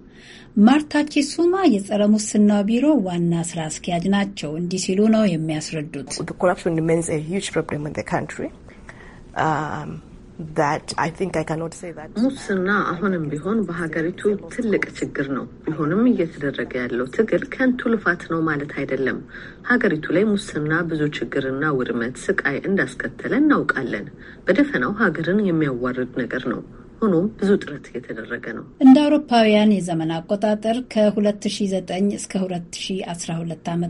ማርታ ቺሱማ የጸረ ሙስና ቢሮ ዋና ስራ አስኪያጅ ናቸው። እንዲህ ሲሉ ነው የሚያስረዱት። ሙስና አሁንም ቢሆን በሀገሪቱ ትልቅ ችግር ነው። ቢሆንም እየተደረገ ያለው ትግል ከንቱ ልፋት ነው ማለት አይደለም። ሀገሪቱ ላይ ሙስና ብዙ ችግርና ውድመት፣ ስቃይ እንዳስከተለ እናውቃለን። በደፈናው ሀገርን የሚያዋርድ ነገር ነው። ሆኖም ብዙ ጥረት የተደረገ ነው። እንደ አውሮፓውያን የዘመን አቆጣጠር ከ2009 እስከ 2012 ዓ ም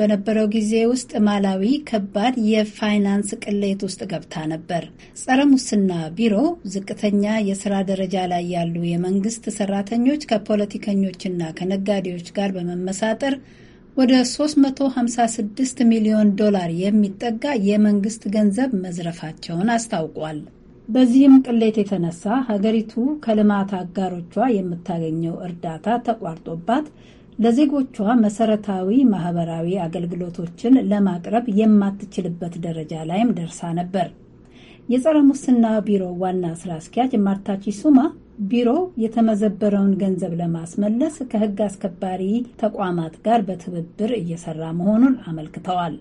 በነበረው ጊዜ ውስጥ ማላዊ ከባድ የፋይናንስ ቅሌት ውስጥ ገብታ ነበር። ጸረ ሙስና ቢሮ ዝቅተኛ የስራ ደረጃ ላይ ያሉ የመንግስት ሰራተኞች ከፖለቲከኞችና ከነጋዴዎች ጋር በመመሳጠር ወደ 356 ሚሊዮን ዶላር የሚጠጋ የመንግስት ገንዘብ መዝረፋቸውን አስታውቋል። በዚህም ቅሌት የተነሳ ሀገሪቱ ከልማት አጋሮቿ የምታገኘው እርዳታ ተቋርጦባት ለዜጎቿ መሰረታዊ ማህበራዊ አገልግሎቶችን ለማቅረብ የማትችልበት ደረጃ ላይም ደርሳ ነበር። የጸረ ሙስና ቢሮ ዋና ስራ አስኪያጅ ማርታ ቺሱማ ቢሮ የተመዘበረውን ገንዘብ ለማስመለስ ከህግ አስከባሪ ተቋማት ጋር በትብብር እየሰራ መሆኑን አመልክተዋል።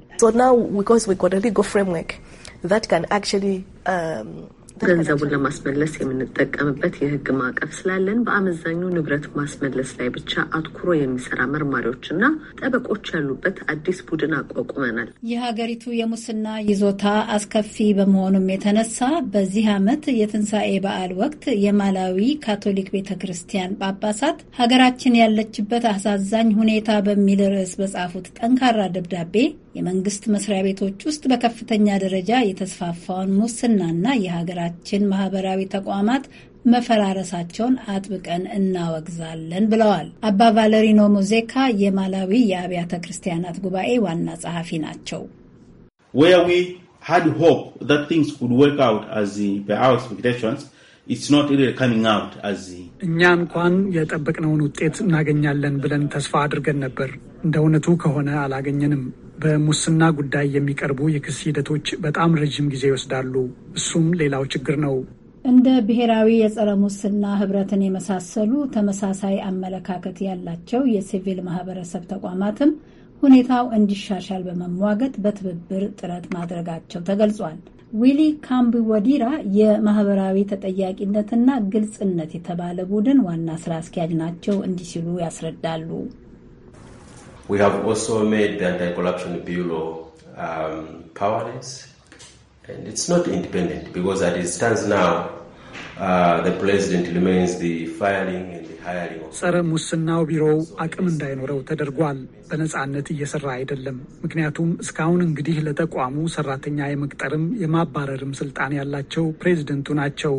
ገንዘቡን ለማስመለስ የምንጠቀምበት የህግ ማዕቀፍ ስላለን በአመዛኙ ንብረት ማስመለስ ላይ ብቻ አትኩሮ የሚሰራ መርማሪዎችና ጠበቆች ያሉበት አዲስ ቡድን አቋቁመናል። የሀገሪቱ የሙስና ይዞታ አስከፊ በመሆኑም የተነሳ በዚህ ዓመት የትንሣኤ በዓል ወቅት የማላዊ ካቶሊክ ቤተ ክርስቲያን ጳጳሳት ሀገራችን ያለችበት አሳዛኝ ሁኔታ በሚል ርዕስ በጻፉት ጠንካራ ደብዳቤ የመንግስት መስሪያ ቤቶች ውስጥ በከፍተኛ ደረጃ የተስፋፋውን ሙስናና የሀገራችን ማህበራዊ ተቋማት መፈራረሳቸውን አጥብቀን እናወግዛለን ብለዋል። አባ ቫለሪኖ ሙዜካ የማላዊ የአብያተ ክርስቲያናት ጉባኤ ዋና ጸሐፊ ናቸው። እኛ እንኳን የጠበቅነውን ውጤት እናገኛለን ብለን ተስፋ አድርገን ነበር። እንደ እውነቱ ከሆነ አላገኘንም። በሙስና ጉዳይ የሚቀርቡ የክስ ሂደቶች በጣም ረዥም ጊዜ ይወስዳሉ። እሱም ሌላው ችግር ነው። እንደ ብሔራዊ የጸረ ሙስና ህብረትን የመሳሰሉ ተመሳሳይ አመለካከት ያላቸው የሲቪል ማህበረሰብ ተቋማትም ሁኔታው እንዲሻሻል በመሟገት በትብብር ጥረት ማድረጋቸው ተገልጿል። ዊሊ ካምቢ ወዲራ የማህበራዊ ተጠያቂነትና ግልጽነት የተባለ ቡድን ዋና ስራ አስኪያጅ ናቸው። እንዲህ ሲሉ ያስረዳሉ። We have also made the anti-corruption bureau um, powerless, and it's not independent because as it stands now, uh, the president remains the firing and the hiring. ጸረ ሙስናው ቢሮው አቅም እንዳይኖረው ተደርጓል። በነጻነት እየሰራ አይደለም። ምክንያቱም እስካሁን እንግዲህ ለተቋሙ ሰራተኛ የመቅጠርም የማባረርም ስልጣን ያላቸው ፕሬዝደንቱ ናቸው።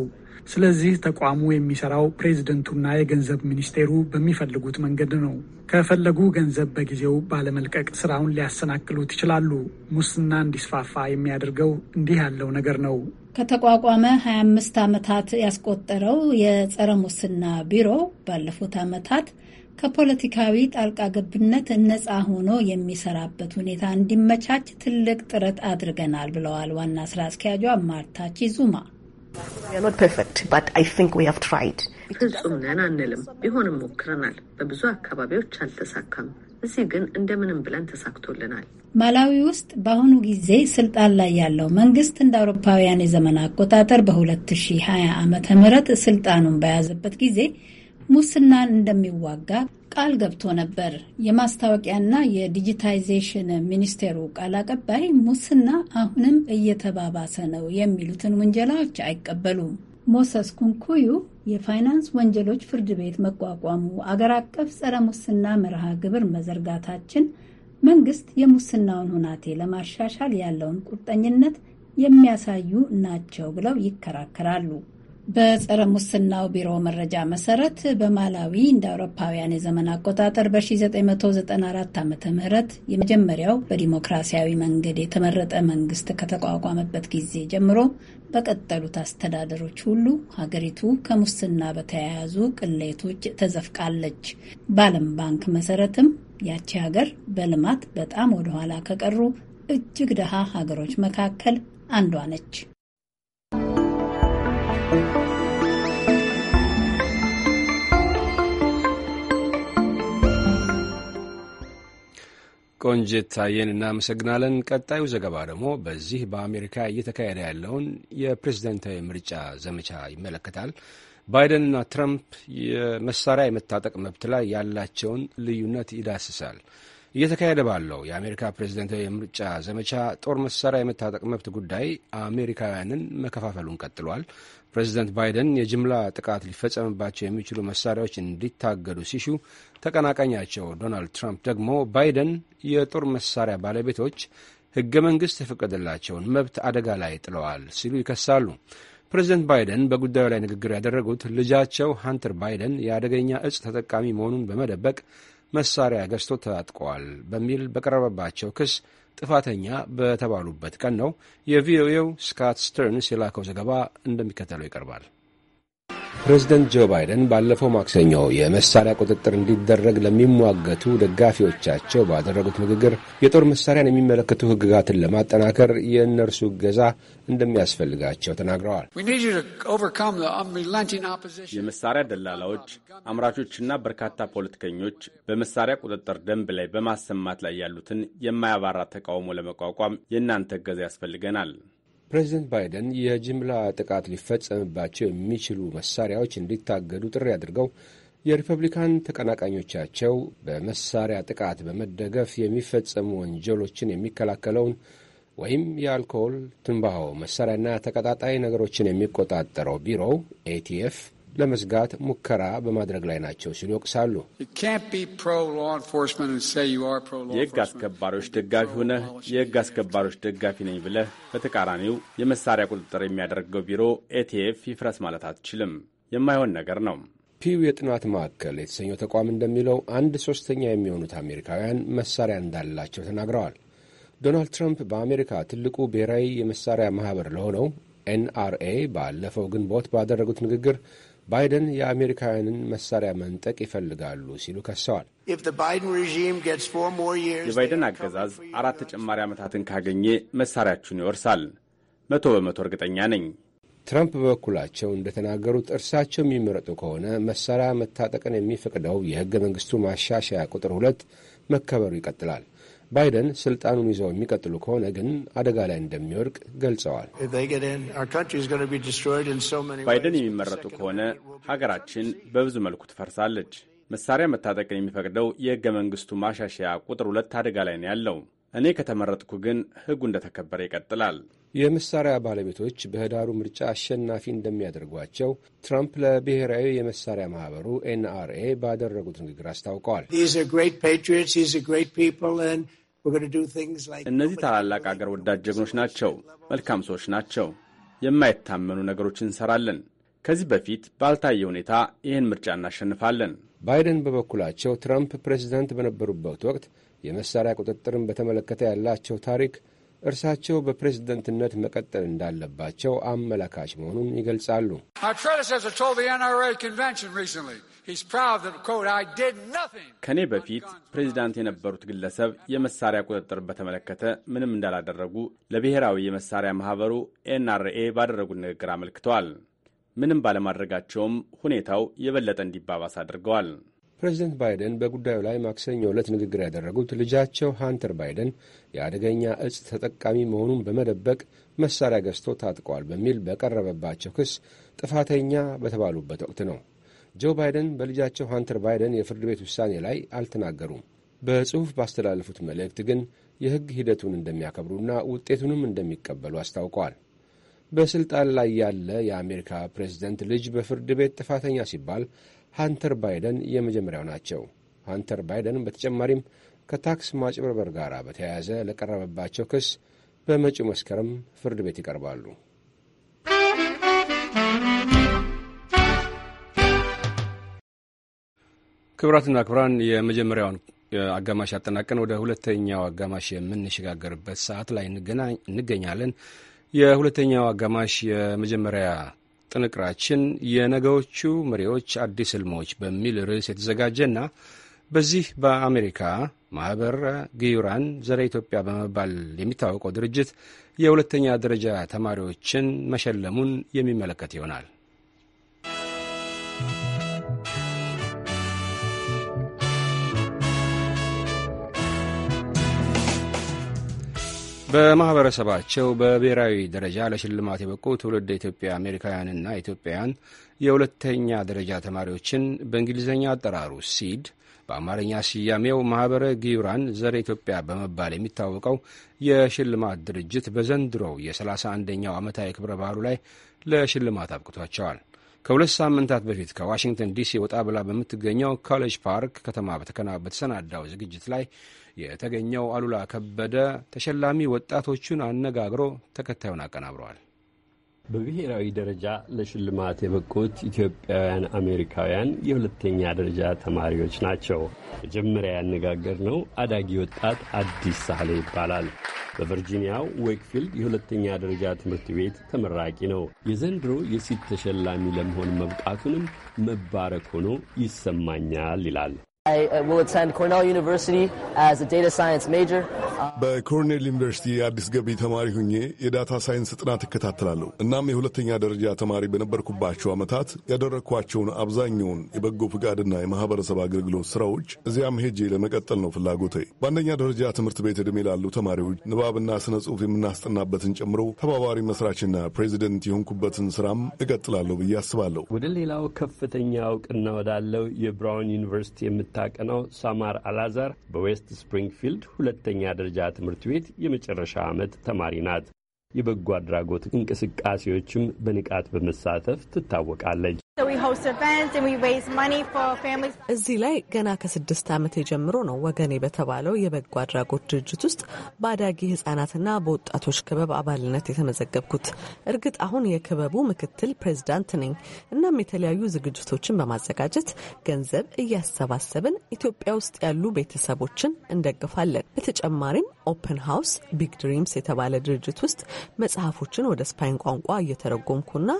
ስለዚህ ተቋሙ የሚሰራው ፕሬዝደንቱና የገንዘብ ሚኒስቴሩ በሚፈልጉት መንገድ ነው። ከፈለጉ ገንዘብ በጊዜው ባለመልቀቅ ስራውን ሊያሰናክሉት ይችላሉ። ሙስና እንዲስፋፋ የሚያደርገው እንዲህ ያለው ነገር ነው። ከተቋቋመ 25 ዓመታት ያስቆጠረው የጸረ ሙስና ቢሮ ባለፉት ዓመታት ከፖለቲካዊ ጣልቃ ገብነት ነፃ ሆኖ የሚሰራበት ሁኔታ እንዲመቻች ትልቅ ጥረት አድርገናል ብለዋል ዋና ስራ አስኪያጇ ማርታ ቺዙማ። ፍጹም ነን አንልም። ቢሆንም ሞክረናል። በብዙ አካባቢዎች አልተሳካም። እዚህ ግን እንደምንም ብለን ተሳክቶልናል። ማላዊ ውስጥ በአሁኑ ጊዜ ስልጣን ላይ ያለው መንግስት እንደ አውሮፓውያን የዘመን አቆጣጠር በ2020 ዓ ም ስልጣኑን በያዘበት ጊዜ ሙስናን እንደሚዋጋ ቃል ገብቶ ነበር። የማስታወቂያና የዲጂታይዜሽን ሚኒስቴሩ ቃል አቀባይ ሙስና አሁንም እየተባባሰ ነው የሚሉትን ውንጀላዎች አይቀበሉም። ሞሰስ ኩንኩዩ የፋይናንስ ወንጀሎች ፍርድ ቤት መቋቋሙ፣ አገር አቀፍ ጸረ ሙስና መርሃ ግብር መዘርጋታችን መንግስት የሙስናውን ሁናቴ ለማሻሻል ያለውን ቁርጠኝነት የሚያሳዩ ናቸው ብለው ይከራከራሉ። በጸረ ሙስናው ቢሮ መረጃ መሰረት በማላዊ እንደ አውሮፓውያን የዘመን አቆጣጠር በ1994 ዓ ም የመጀመሪያው በዲሞክራሲያዊ መንገድ የተመረጠ መንግስት ከተቋቋመበት ጊዜ ጀምሮ በቀጠሉት አስተዳደሮች ሁሉ ሀገሪቱ ከሙስና በተያያዙ ቅሌቶች ተዘፍቃለች። በዓለም ባንክ መሰረትም ያቺ ሀገር በልማት በጣም ወደኋላ ከቀሩ እጅግ ድሃ ሀገሮች መካከል አንዷ ነች። ቆንጅት ታየን እናመሰግናለን። ቀጣዩ ዘገባ ደግሞ በዚህ በአሜሪካ እየተካሄደ ያለውን የፕሬዝደንታዊ ምርጫ ዘመቻ ይመለከታል። ባይደንና ትራምፕ የመሳሪያ የመታጠቅ መብት ላይ ያላቸውን ልዩነት ይዳስሳል። እየተካሄደ ባለው የአሜሪካ ፕሬዚደንታዊ የምርጫ ዘመቻ ጦር መሳሪያ የመታጠቅ መብት ጉዳይ አሜሪካውያንን መከፋፈሉን ቀጥሏል። ፕሬዚደንት ባይደን የጅምላ ጥቃት ሊፈጸምባቸው የሚችሉ መሳሪያዎች እንዲታገዱ ሲሹ፣ ተቀናቃኛቸው ዶናልድ ትራምፕ ደግሞ ባይደን የጦር መሳሪያ ባለቤቶች ህገ መንግስት የፈቀደላቸውን መብት አደጋ ላይ ጥለዋል ሲሉ ይከሳሉ። ፕሬዚደንት ባይደን በጉዳዩ ላይ ንግግር ያደረጉት ልጃቸው ሀንተር ባይደን የአደገኛ እጽ ተጠቃሚ መሆኑን በመደበቅ መሳሪያ ገዝቶ ታጥቋል በሚል በቀረበባቸው ክስ ጥፋተኛ በተባሉበት ቀን ነው። የቪኦኤው ስካት ስተርንስ የላከው ዘገባ እንደሚከተለው ይቀርባል። ፕሬዝደንት ጆ ባይደን ባለፈው ማክሰኞ የመሳሪያ ቁጥጥር እንዲደረግ ለሚሟገቱ ደጋፊዎቻቸው ባደረጉት ንግግር የጦር መሳሪያን የሚመለከቱ ሕግጋትን ለማጠናከር የእነርሱ እገዛ እንደሚያስፈልጋቸው ተናግረዋል። የመሳሪያ ደላላዎች፣ አምራቾችና በርካታ ፖለቲከኞች በመሳሪያ ቁጥጥር ደንብ ላይ በማሰማት ላይ ያሉትን የማያባራ ተቃውሞ ለመቋቋም የእናንተ እገዛ ያስፈልገናል። ፕሬዚደንት ባይደን የጅምላ ጥቃት ሊፈጸምባቸው የሚችሉ መሳሪያዎች እንዲታገዱ ጥሪ አድርገው የሪፐብሊካን ተቀናቃኞቻቸው በመሳሪያ ጥቃት በመደገፍ የሚፈጸሙ ወንጀሎችን የሚከላከለውን ወይም የአልኮል ትንባሆ፣ መሳሪያና ተቀጣጣይ ነገሮችን የሚቆጣጠረው ቢሮው ኤቲኤፍ ለመዝጋት ሙከራ በማድረግ ላይ ናቸው ሲሉ ይወቅሳሉ። የህግ አስከባሪዎች ደጋፊ ሆነህ የህግ አስከባሪዎች ደጋፊ ነኝ ብለህ በተቃራኒው የመሳሪያ ቁጥጥር የሚያደርገው ቢሮ ኤቲኤፍ ይፍረስ ማለት አትችልም። የማይሆን ነገር ነው። ፒው የጥናት ማዕከል የተሰኘው ተቋም እንደሚለው አንድ ሶስተኛ የሚሆኑት አሜሪካውያን መሳሪያ እንዳላቸው ተናግረዋል። ዶናልድ ትራምፕ በአሜሪካ ትልቁ ብሔራዊ የመሳሪያ ማህበር ለሆነው ኤንአርኤ ባለፈው ግንቦት ባደረጉት ንግግር ባይደን የአሜሪካውያንን መሳሪያ መንጠቅ ይፈልጋሉ ሲሉ ከሰዋል። የባይደን አገዛዝ አራት ተጨማሪ ዓመታትን ካገኘ መሳሪያችሁን ይወርሳል፣ መቶ በመቶ እርግጠኛ ነኝ። ትራምፕ በበኩላቸው እንደተናገሩት እርሳቸው የሚመረጡ ከሆነ መሳሪያ መታጠቅን የሚፈቅደው የሕገ መንግሥቱ ማሻሻያ ቁጥር ሁለት መከበሩ ይቀጥላል። ባይደን ስልጣኑን ይዘው የሚቀጥሉ ከሆነ ግን አደጋ ላይ እንደሚወድቅ ገልጸዋል። ባይደን የሚመረጡ ከሆነ ሀገራችን በብዙ መልኩ ትፈርሳለች። መሳሪያ መታጠቅን የሚፈቅደው የሕገ መንግስቱ ማሻሻያ ቁጥር ሁለት አደጋ ላይ ነው ያለው። እኔ ከተመረጥኩ ግን ሕጉ እንደተከበረ ይቀጥላል። የመሳሪያ ባለቤቶች በህዳሩ ምርጫ አሸናፊ እንደሚያደርጓቸው ትራምፕ ለብሔራዊ የመሳሪያ ማህበሩ ኤንአርኤ ባደረጉት ንግግር አስታውቀዋል። እነዚህ ታላላቅ አገር ወዳድ ጀግኖች ናቸው። መልካም ሰዎች ናቸው። የማይታመኑ ነገሮችን እንሰራለን። ከዚህ በፊት ባልታየ ሁኔታ ይህን ምርጫ እናሸንፋለን። ባይደን በበኩላቸው ትራምፕ ፕሬዚደንት በነበሩበት ወቅት የመሳሪያ ቁጥጥርን በተመለከተ ያላቸው ታሪክ እርሳቸው በፕሬዝደንትነት መቀጠል እንዳለባቸው አመላካች መሆኑን ይገልጻሉ። ከእኔ በፊት ፕሬዚዳንት የነበሩት ግለሰብ የመሳሪያ ቁጥጥር በተመለከተ ምንም እንዳላደረጉ ለብሔራዊ የመሳሪያ ማህበሩ ኤንአርኤ ባደረጉት ንግግር አመልክተዋል። ምንም ባለማድረጋቸውም ሁኔታው የበለጠ እንዲባባስ አድርገዋል። ፕሬዚደንት ባይደን በጉዳዩ ላይ ማክሰኞ ዕለት ንግግር ያደረጉት ልጃቸው ሃንተር ባይደን የአደገኛ እጽ ተጠቃሚ መሆኑን በመደበቅ መሳሪያ ገዝቶ ታጥቀዋል በሚል በቀረበባቸው ክስ ጥፋተኛ በተባሉበት ወቅት ነው። ጆ ባይደን በልጃቸው ሀንተር ባይደን የፍርድ ቤት ውሳኔ ላይ አልተናገሩም። በጽሑፍ ባስተላለፉት መልእክት ግን የሕግ ሂደቱን እንደሚያከብሩና ውጤቱንም እንደሚቀበሉ አስታውቀዋል። በሥልጣን ላይ ያለ የአሜሪካ ፕሬዝደንት ልጅ በፍርድ ቤት ጥፋተኛ ሲባል ሃንተር ባይደን የመጀመሪያው ናቸው። ሃንተር ባይደን በተጨማሪም ከታክስ ማጭበርበር ጋር በተያያዘ ለቀረበባቸው ክስ በመጪው መስከረም ፍርድ ቤት ይቀርባሉ። ክብራትና ክብራን የመጀመሪያውን አጋማሽ አጠናቀን ወደ ሁለተኛው አጋማሽ የምንሸጋገርበት ሰዓት ላይ እንገኛለን። የሁለተኛው አጋማሽ የመጀመሪያ ጥንቅራችን የነገዎቹ መሪዎች አዲስ ህልሞች በሚል ርዕስ የተዘጋጀና በዚህ በአሜሪካ ማህበር ግዩራን ዘረ ኢትዮጵያ በመባል የሚታወቀው ድርጅት የሁለተኛ ደረጃ ተማሪዎችን መሸለሙን የሚመለከት ይሆናል። በማህበረሰባቸው በብሔራዊ ደረጃ ለሽልማት የበቁ ትውልድ ኢትዮጵያ አሜሪካውያንና ኢትዮጵያውያን የሁለተኛ ደረጃ ተማሪዎችን በእንግሊዝኛ አጠራሩ ሲድ በአማርኛ ስያሜው ማኅበረ ግዩራን ዘረ ኢትዮጵያ በመባል የሚታወቀው የሽልማት ድርጅት በዘንድሮው የ31ኛው ዓመታዊ ክብረ በዓሉ ላይ ለሽልማት አብቅቷቸዋል። ከሁለት ሳምንታት በፊት ከዋሽንግተን ዲሲ ወጣ ብላ በምትገኘው ኮሌጅ ፓርክ ከተማ በተሰናዳው ዝግጅት ላይ የተገኘው አሉላ ከበደ ተሸላሚ ወጣቶቹን አነጋግሮ ተከታዩን አቀናብረዋል። በብሔራዊ ደረጃ ለሽልማት የበቁት ኢትዮጵያውያን አሜሪካውያን የሁለተኛ ደረጃ ተማሪዎች ናቸው። መጀመሪያ ያነጋገር ነው አዳጊ ወጣት አዲስ ሳህሌ ይባላል። በቨርጂኒያው ዌክፊልድ የሁለተኛ ደረጃ ትምህርት ቤት ተመራቂ ነው። የዘንድሮ የሲት ተሸላሚ ለመሆን መብቃቱንም መባረክ ሆኖ ይሰማኛል ይላል። I uh, will attend Cornell University as a data science major. በኮርኔል ዩኒቨርሲቲ የአዲስ ገቢ ተማሪ ሁኜ የዳታ ሳይንስ ጥናት እከታተላለሁ። እናም የሁለተኛ ደረጃ ተማሪ በነበርኩባቸው ዓመታት ያደረግኳቸውን አብዛኛውን የበጎ ፍቃድና የማህበረሰብ አገልግሎት ስራዎች እዚያም ሄጄ ለመቀጠል ነው ፍላጎቴ። በአንደኛ ደረጃ ትምህርት ቤት ዕድሜ ላሉ ተማሪዎች ንባብና ስነ ጽሑፍ የምናስጠናበትን ጨምሮ ተባባሪ መስራችና ፕሬዚደንት የሆንኩበትን ስራም እቀጥላለሁ ብዬ አስባለሁ። ወደ ሌላው ከፍተኛ እውቅና ወዳለው የብራውን ዩኒቨርሲቲ የምታቀናው ሳማር አላዛር በዌስት ስፕሪንግፊልድ ሁለተኛ ደረጃ ደረጃ ትምህርት ቤት የመጨረሻ ዓመት ተማሪ ናት። የበጎ አድራጎት እንቅስቃሴዎችም በንቃት በመሳተፍ ትታወቃለች። እዚህ ላይ ገና ከስድስት ዓመት ጀምሮ ነው ወገኔ በተባለው የበጎ አድራጎት ድርጅት ውስጥ በአዳጊ ህጻናትና በወጣቶች ክበብ አባልነት የተመዘገብኩት። እርግጥ አሁን የክበቡ ምክትል ፕሬዚዳንት ነኝ። እናም የተለያዩ ዝግጅቶችን በማዘጋጀት ገንዘብ እያሰባሰብን ኢትዮጵያ ውስጥ ያሉ ቤተሰቦችን እንደግፋለን። በተጨማሪም ኦፕን ሃውስ ቢግ ድሪምስ የተባለ ድርጅት ውስጥ መጽሐፎችን ወደ ስፓይን ቋንቋ እየተረጎምኩና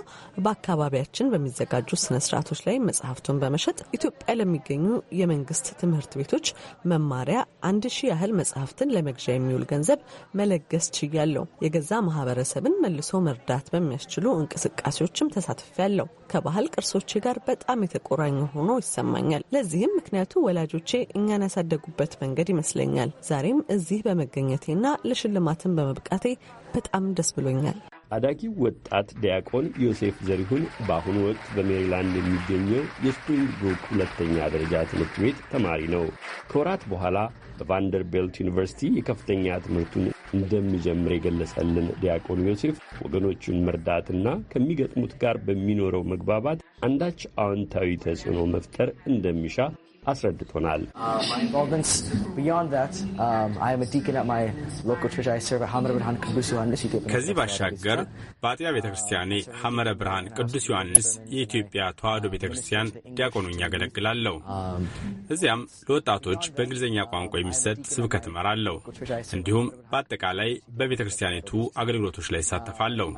በአካባቢያችን በሚዘጋ በተዘጋጁ ስነ ስርዓቶች ላይ መጽሐፍቱን በመሸጥ ኢትዮጵያ ለሚገኙ የመንግስት ትምህርት ቤቶች መማሪያ አንድ ሺህ ያህል መጽሐፍትን ለመግዣ የሚውል ገንዘብ መለገስ ችያለው። የገዛ ማህበረሰብን መልሶ መርዳት በሚያስችሉ እንቅስቃሴዎችም ተሳትፌያለሁ። ከባህል ቅርሶች ጋር በጣም የተቆራኘ ሆኖ ይሰማኛል። ለዚህም ምክንያቱ ወላጆቼ እኛን ያሳደጉበት መንገድ ይመስለኛል። ዛሬም እዚህ በመገኘቴና ለሽልማትን በመብቃቴ በጣም ደስ ብሎኛል። አዳጊው ወጣት ዲያቆን ዮሴፍ ዘሪሁን በአሁኑ ወቅት በሜሪላንድ የሚገኘው የስፕሪንግ ብሩክ ሁለተኛ ደረጃ ትምህርት ቤት ተማሪ ነው። ከወራት በኋላ በቫንደርቤልት ዩኒቨርሲቲ የከፍተኛ ትምህርቱን እንደሚጀምር የገለጸልን ዲያቆን ዮሴፍ ወገኖቹን መርዳትና ከሚገጥሙት ጋር በሚኖረው መግባባት አንዳች አዎንታዊ ተጽዕኖ መፍጠር እንደሚሻ አስረድቶናል። uh, um, ከዚህ ባሻገር በአጥቢያ ቤተ ክርስቲያኔ ሐመረ ብርሃን ቅዱስ ዮሐንስ የኢትዮጵያ ተዋሕዶ ቤተ ክርስቲያን ዲያቆኑኝ ያገለግላለሁ። um, እዚያም ለወጣቶች በእንግሊዝኛ ቋንቋ የሚሰጥ ስብከት እመራለሁ። እንዲሁም በአጠቃላይ በቤተ ክርስቲያኔቱ አገልግሎቶች ላይ ይሳተፋለሁ።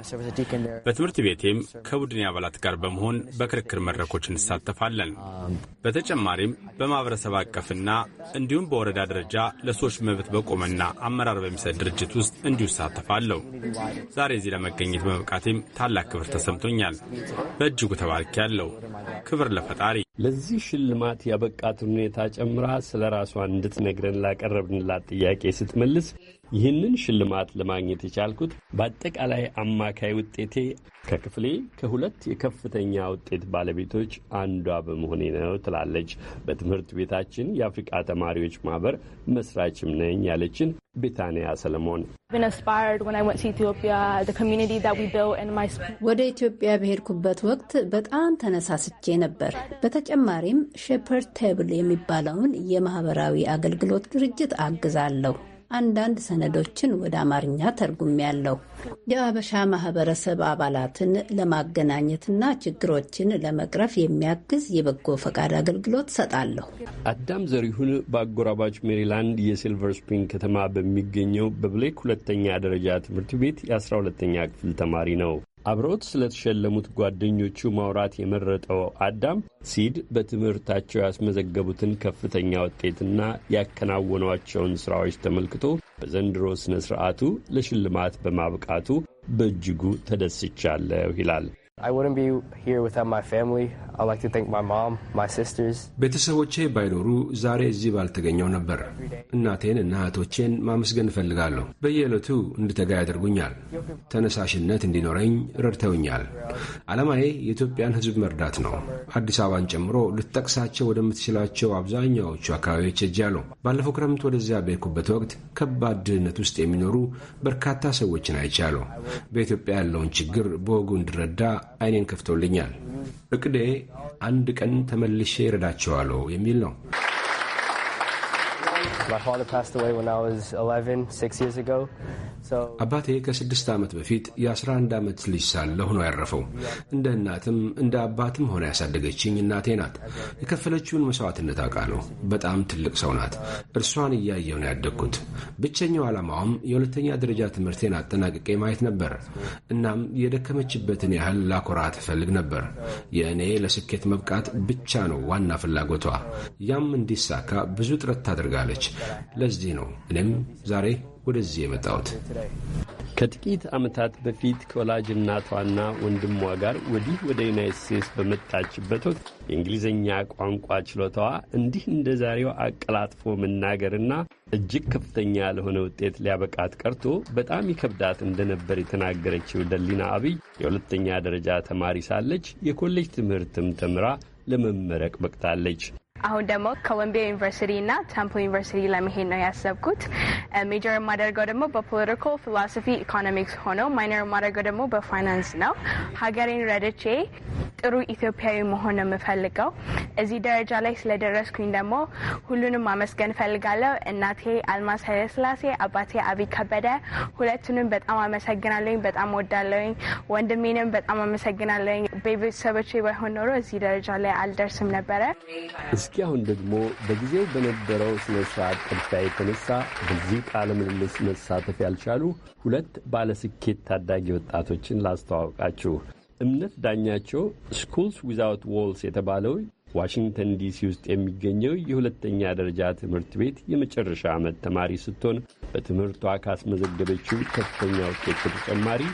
በትምህርት ቤቴም ከቡድን አባላት ጋር በመሆን በክርክር መድረኮች እንሳተፋለን። um, በተጨማሪም በማህበረሰብ አቀፍና እንዲሁም በወረዳ ደረጃ ለሰዎች መብት በቆመና አመራር በሚሰጥ ድርጅት ውስጥ እንዲሁ ዛሬ እዚህ ለመገኘት በመብቃቴም ታላቅ ክብር ተሰምቶኛል። በእጅጉ ያለው ክብር ለፈጣሪ። ለዚህ ሽልማት ያበቃትን ሁኔታ ጨምራ ስለ ራሷ እንድትነግረን ላቀረብንላት ጥያቄ ስትመልስ ይህንን ሽልማት ለማግኘት የቻልኩት በአጠቃላይ አማካይ ውጤቴ ከክፍሌ ከሁለት የከፍተኛ ውጤት ባለቤቶች አንዷ በመሆኔ ነው ትላለች። በትምህርት ቤታችን የአፍሪቃ ተማሪዎች ማህበር መስራችም ነኝ ያለችን ቤታንያ ሰለሞን ወደ ኢትዮጵያ በሄድኩበት ወቅት በጣም ተነሳስቼ ነበር። በተጨማሪም ሼፐርድ ቴብል የሚባለውን የማህበራዊ አገልግሎት ድርጅት አግዛለሁ። አንዳንድ ሰነዶችን ወደ አማርኛ ተርጉም ያለው የአበሻ ማህበረሰብ አባላትን ለማገናኘትና ችግሮችን ለመቅረፍ የሚያግዝ የበጎ ፈቃድ አገልግሎት ሰጣለሁ። አዳም ዘሪሁን በአጎራባች ሜሪላንድ የሲልቨር ስፕሪንግ ከተማ በሚገኘው በብሌክ ሁለተኛ ደረጃ ትምህርት ቤት የአስራ ሁለተኛ ክፍል ተማሪ ነው። አብረውት ስለተሸለሙት ጓደኞቹ ማውራት የመረጠው አዳም ሲድ በትምህርታቸው ያስመዘገቡትን ከፍተኛ ውጤትና ያከናወኗቸውን ሥራዎች ተመልክቶ በዘንድሮ ሥነ ሥርዓቱ ለሽልማት በማብቃቱ በእጅጉ ተደስቻለሁ ይላል። ቤተሰቦቼ ባይኖሩ ዛሬ እዚህ ባልተገኘው ነበር። እናቴን እና እህቶቼን ማመስገን እፈልጋለሁ። በየዕለቱ እንድተጋ ያደርጉኛል። ተነሳሽነት እንዲኖረኝ ረድተውኛል። ዓላማዬ የኢትዮጵያን ሕዝብ መርዳት ነው። አዲስ አበባን ጨምሮ ልትጠቅሳቸው ወደምትችላቸው አብዛኛዎቹ አካባቢዎች ሄጃለሁ። ባለፈው ክረምት ወደዚያ በሄድኩበት ወቅት ከባድ ድህነት ውስጥ የሚኖሩ በርካታ ሰዎችን አይቻለሁ። በኢትዮጵያ ያለውን ችግር በወጉ እንድረዳ አይኔን ከፍቶልኛል። እቅዴ አንድ ቀን ተመልሼ የሚል ነው። My father passed away when I was 11, six years ago, አባቴ ከስድስት ዓመት በፊት የ11 ዓመት ልጅ ሳለሁ ነው ያረፈው። እንደ እናትም እንደ አባትም ሆነ ያሳደገችኝ እናቴ ናት። የከፈለችውን መስዋዕትነት አውቃለሁ። በጣም ትልቅ ሰው ናት። እርሷን እያየው ነው ያደግኩት። ብቸኛው ዓላማዋም የሁለተኛ ደረጃ ትምህርቴን አጠናቅቄ ማየት ነበር። እናም የደከመችበትን ያህል ላኮራ ትፈልግ ነበር። የእኔ ለስኬት መብቃት ብቻ ነው ዋና ፍላጎቷ። ያም እንዲሳካ ብዙ ጥረት ታደርጋለች። ለዚህ ነው እኔም ዛሬ ወደዚህ የመጣሁት። ከጥቂት ዓመታት በፊት ከወላጅ እናቷና ወንድሟ ጋር ወዲህ ወደ ዩናይት ስቴትስ በመጣችበት ወቅት የእንግሊዝኛ ቋንቋ ችሎታዋ እንዲህ እንደ ዛሬው አቀላጥፎ መናገርና እጅግ ከፍተኛ ለሆነ ውጤት ሊያበቃት ቀርቶ በጣም ይከብዳት እንደነበር የተናገረችው ደሊና አብይ የሁለተኛ ደረጃ ተማሪ ሳለች የኮሌጅ ትምህርትም ተምራ ለመመረቅ በቅታለች። አሁን ደግሞ ኮሎምቢያ ዩኒቨርሲቲ እና ታምፕል ዩኒቨርሲቲ ለመሄድ ነው ያሰብኩት። ሜጀር የማደርገው ደግሞ በፖለቲካል ፊሎሶፊ ኢኮኖሚክስ ሆነው ማይነር የማደርገው ደግሞ በፋይናንስ ነው። ሀገሬን ረድቼ ጥሩ ኢትዮጵያዊ መሆን ነው የምፈልገው። እዚህ ደረጃ ላይ ስለደረስኩኝ ደግሞ ሁሉንም ማመስገን እፈልጋለሁ። እናቴ አልማዝ ኃይለስላሴ፣ አባቴ አብይ ከበደ፣ ሁለቱንም በጣም አመሰግናለኝ። በጣም ወዳለኝ። ወንድሜንም በጣም አመሰግናለኝ። ቤተሰቦች ባይሆን ኖሮ እዚህ ደረጃ ላይ አልደርስም ነበረ። እስኪ አሁን ደግሞ በጊዜው በነበረው ስነስርዓት ስርዓት የተነሳ በዚህ ቃለ ምልልስ መሳተፍ ያልቻሉ ሁለት ባለስኬት ታዳጊ ወጣቶችን ላስተዋወቃችሁ። እምነት ዳኛቸው ስኩልስ ዊዛውት ዎልስ የተባለው ዋሽንግተን ዲሲ ውስጥ የሚገኘው የሁለተኛ ደረጃ ትምህርት ቤት የመጨረሻ ዓመት ተማሪ ስትሆን በትምህርቷ ካስመዘገበችው ከፍተኛ ውጤት በተጨማሪ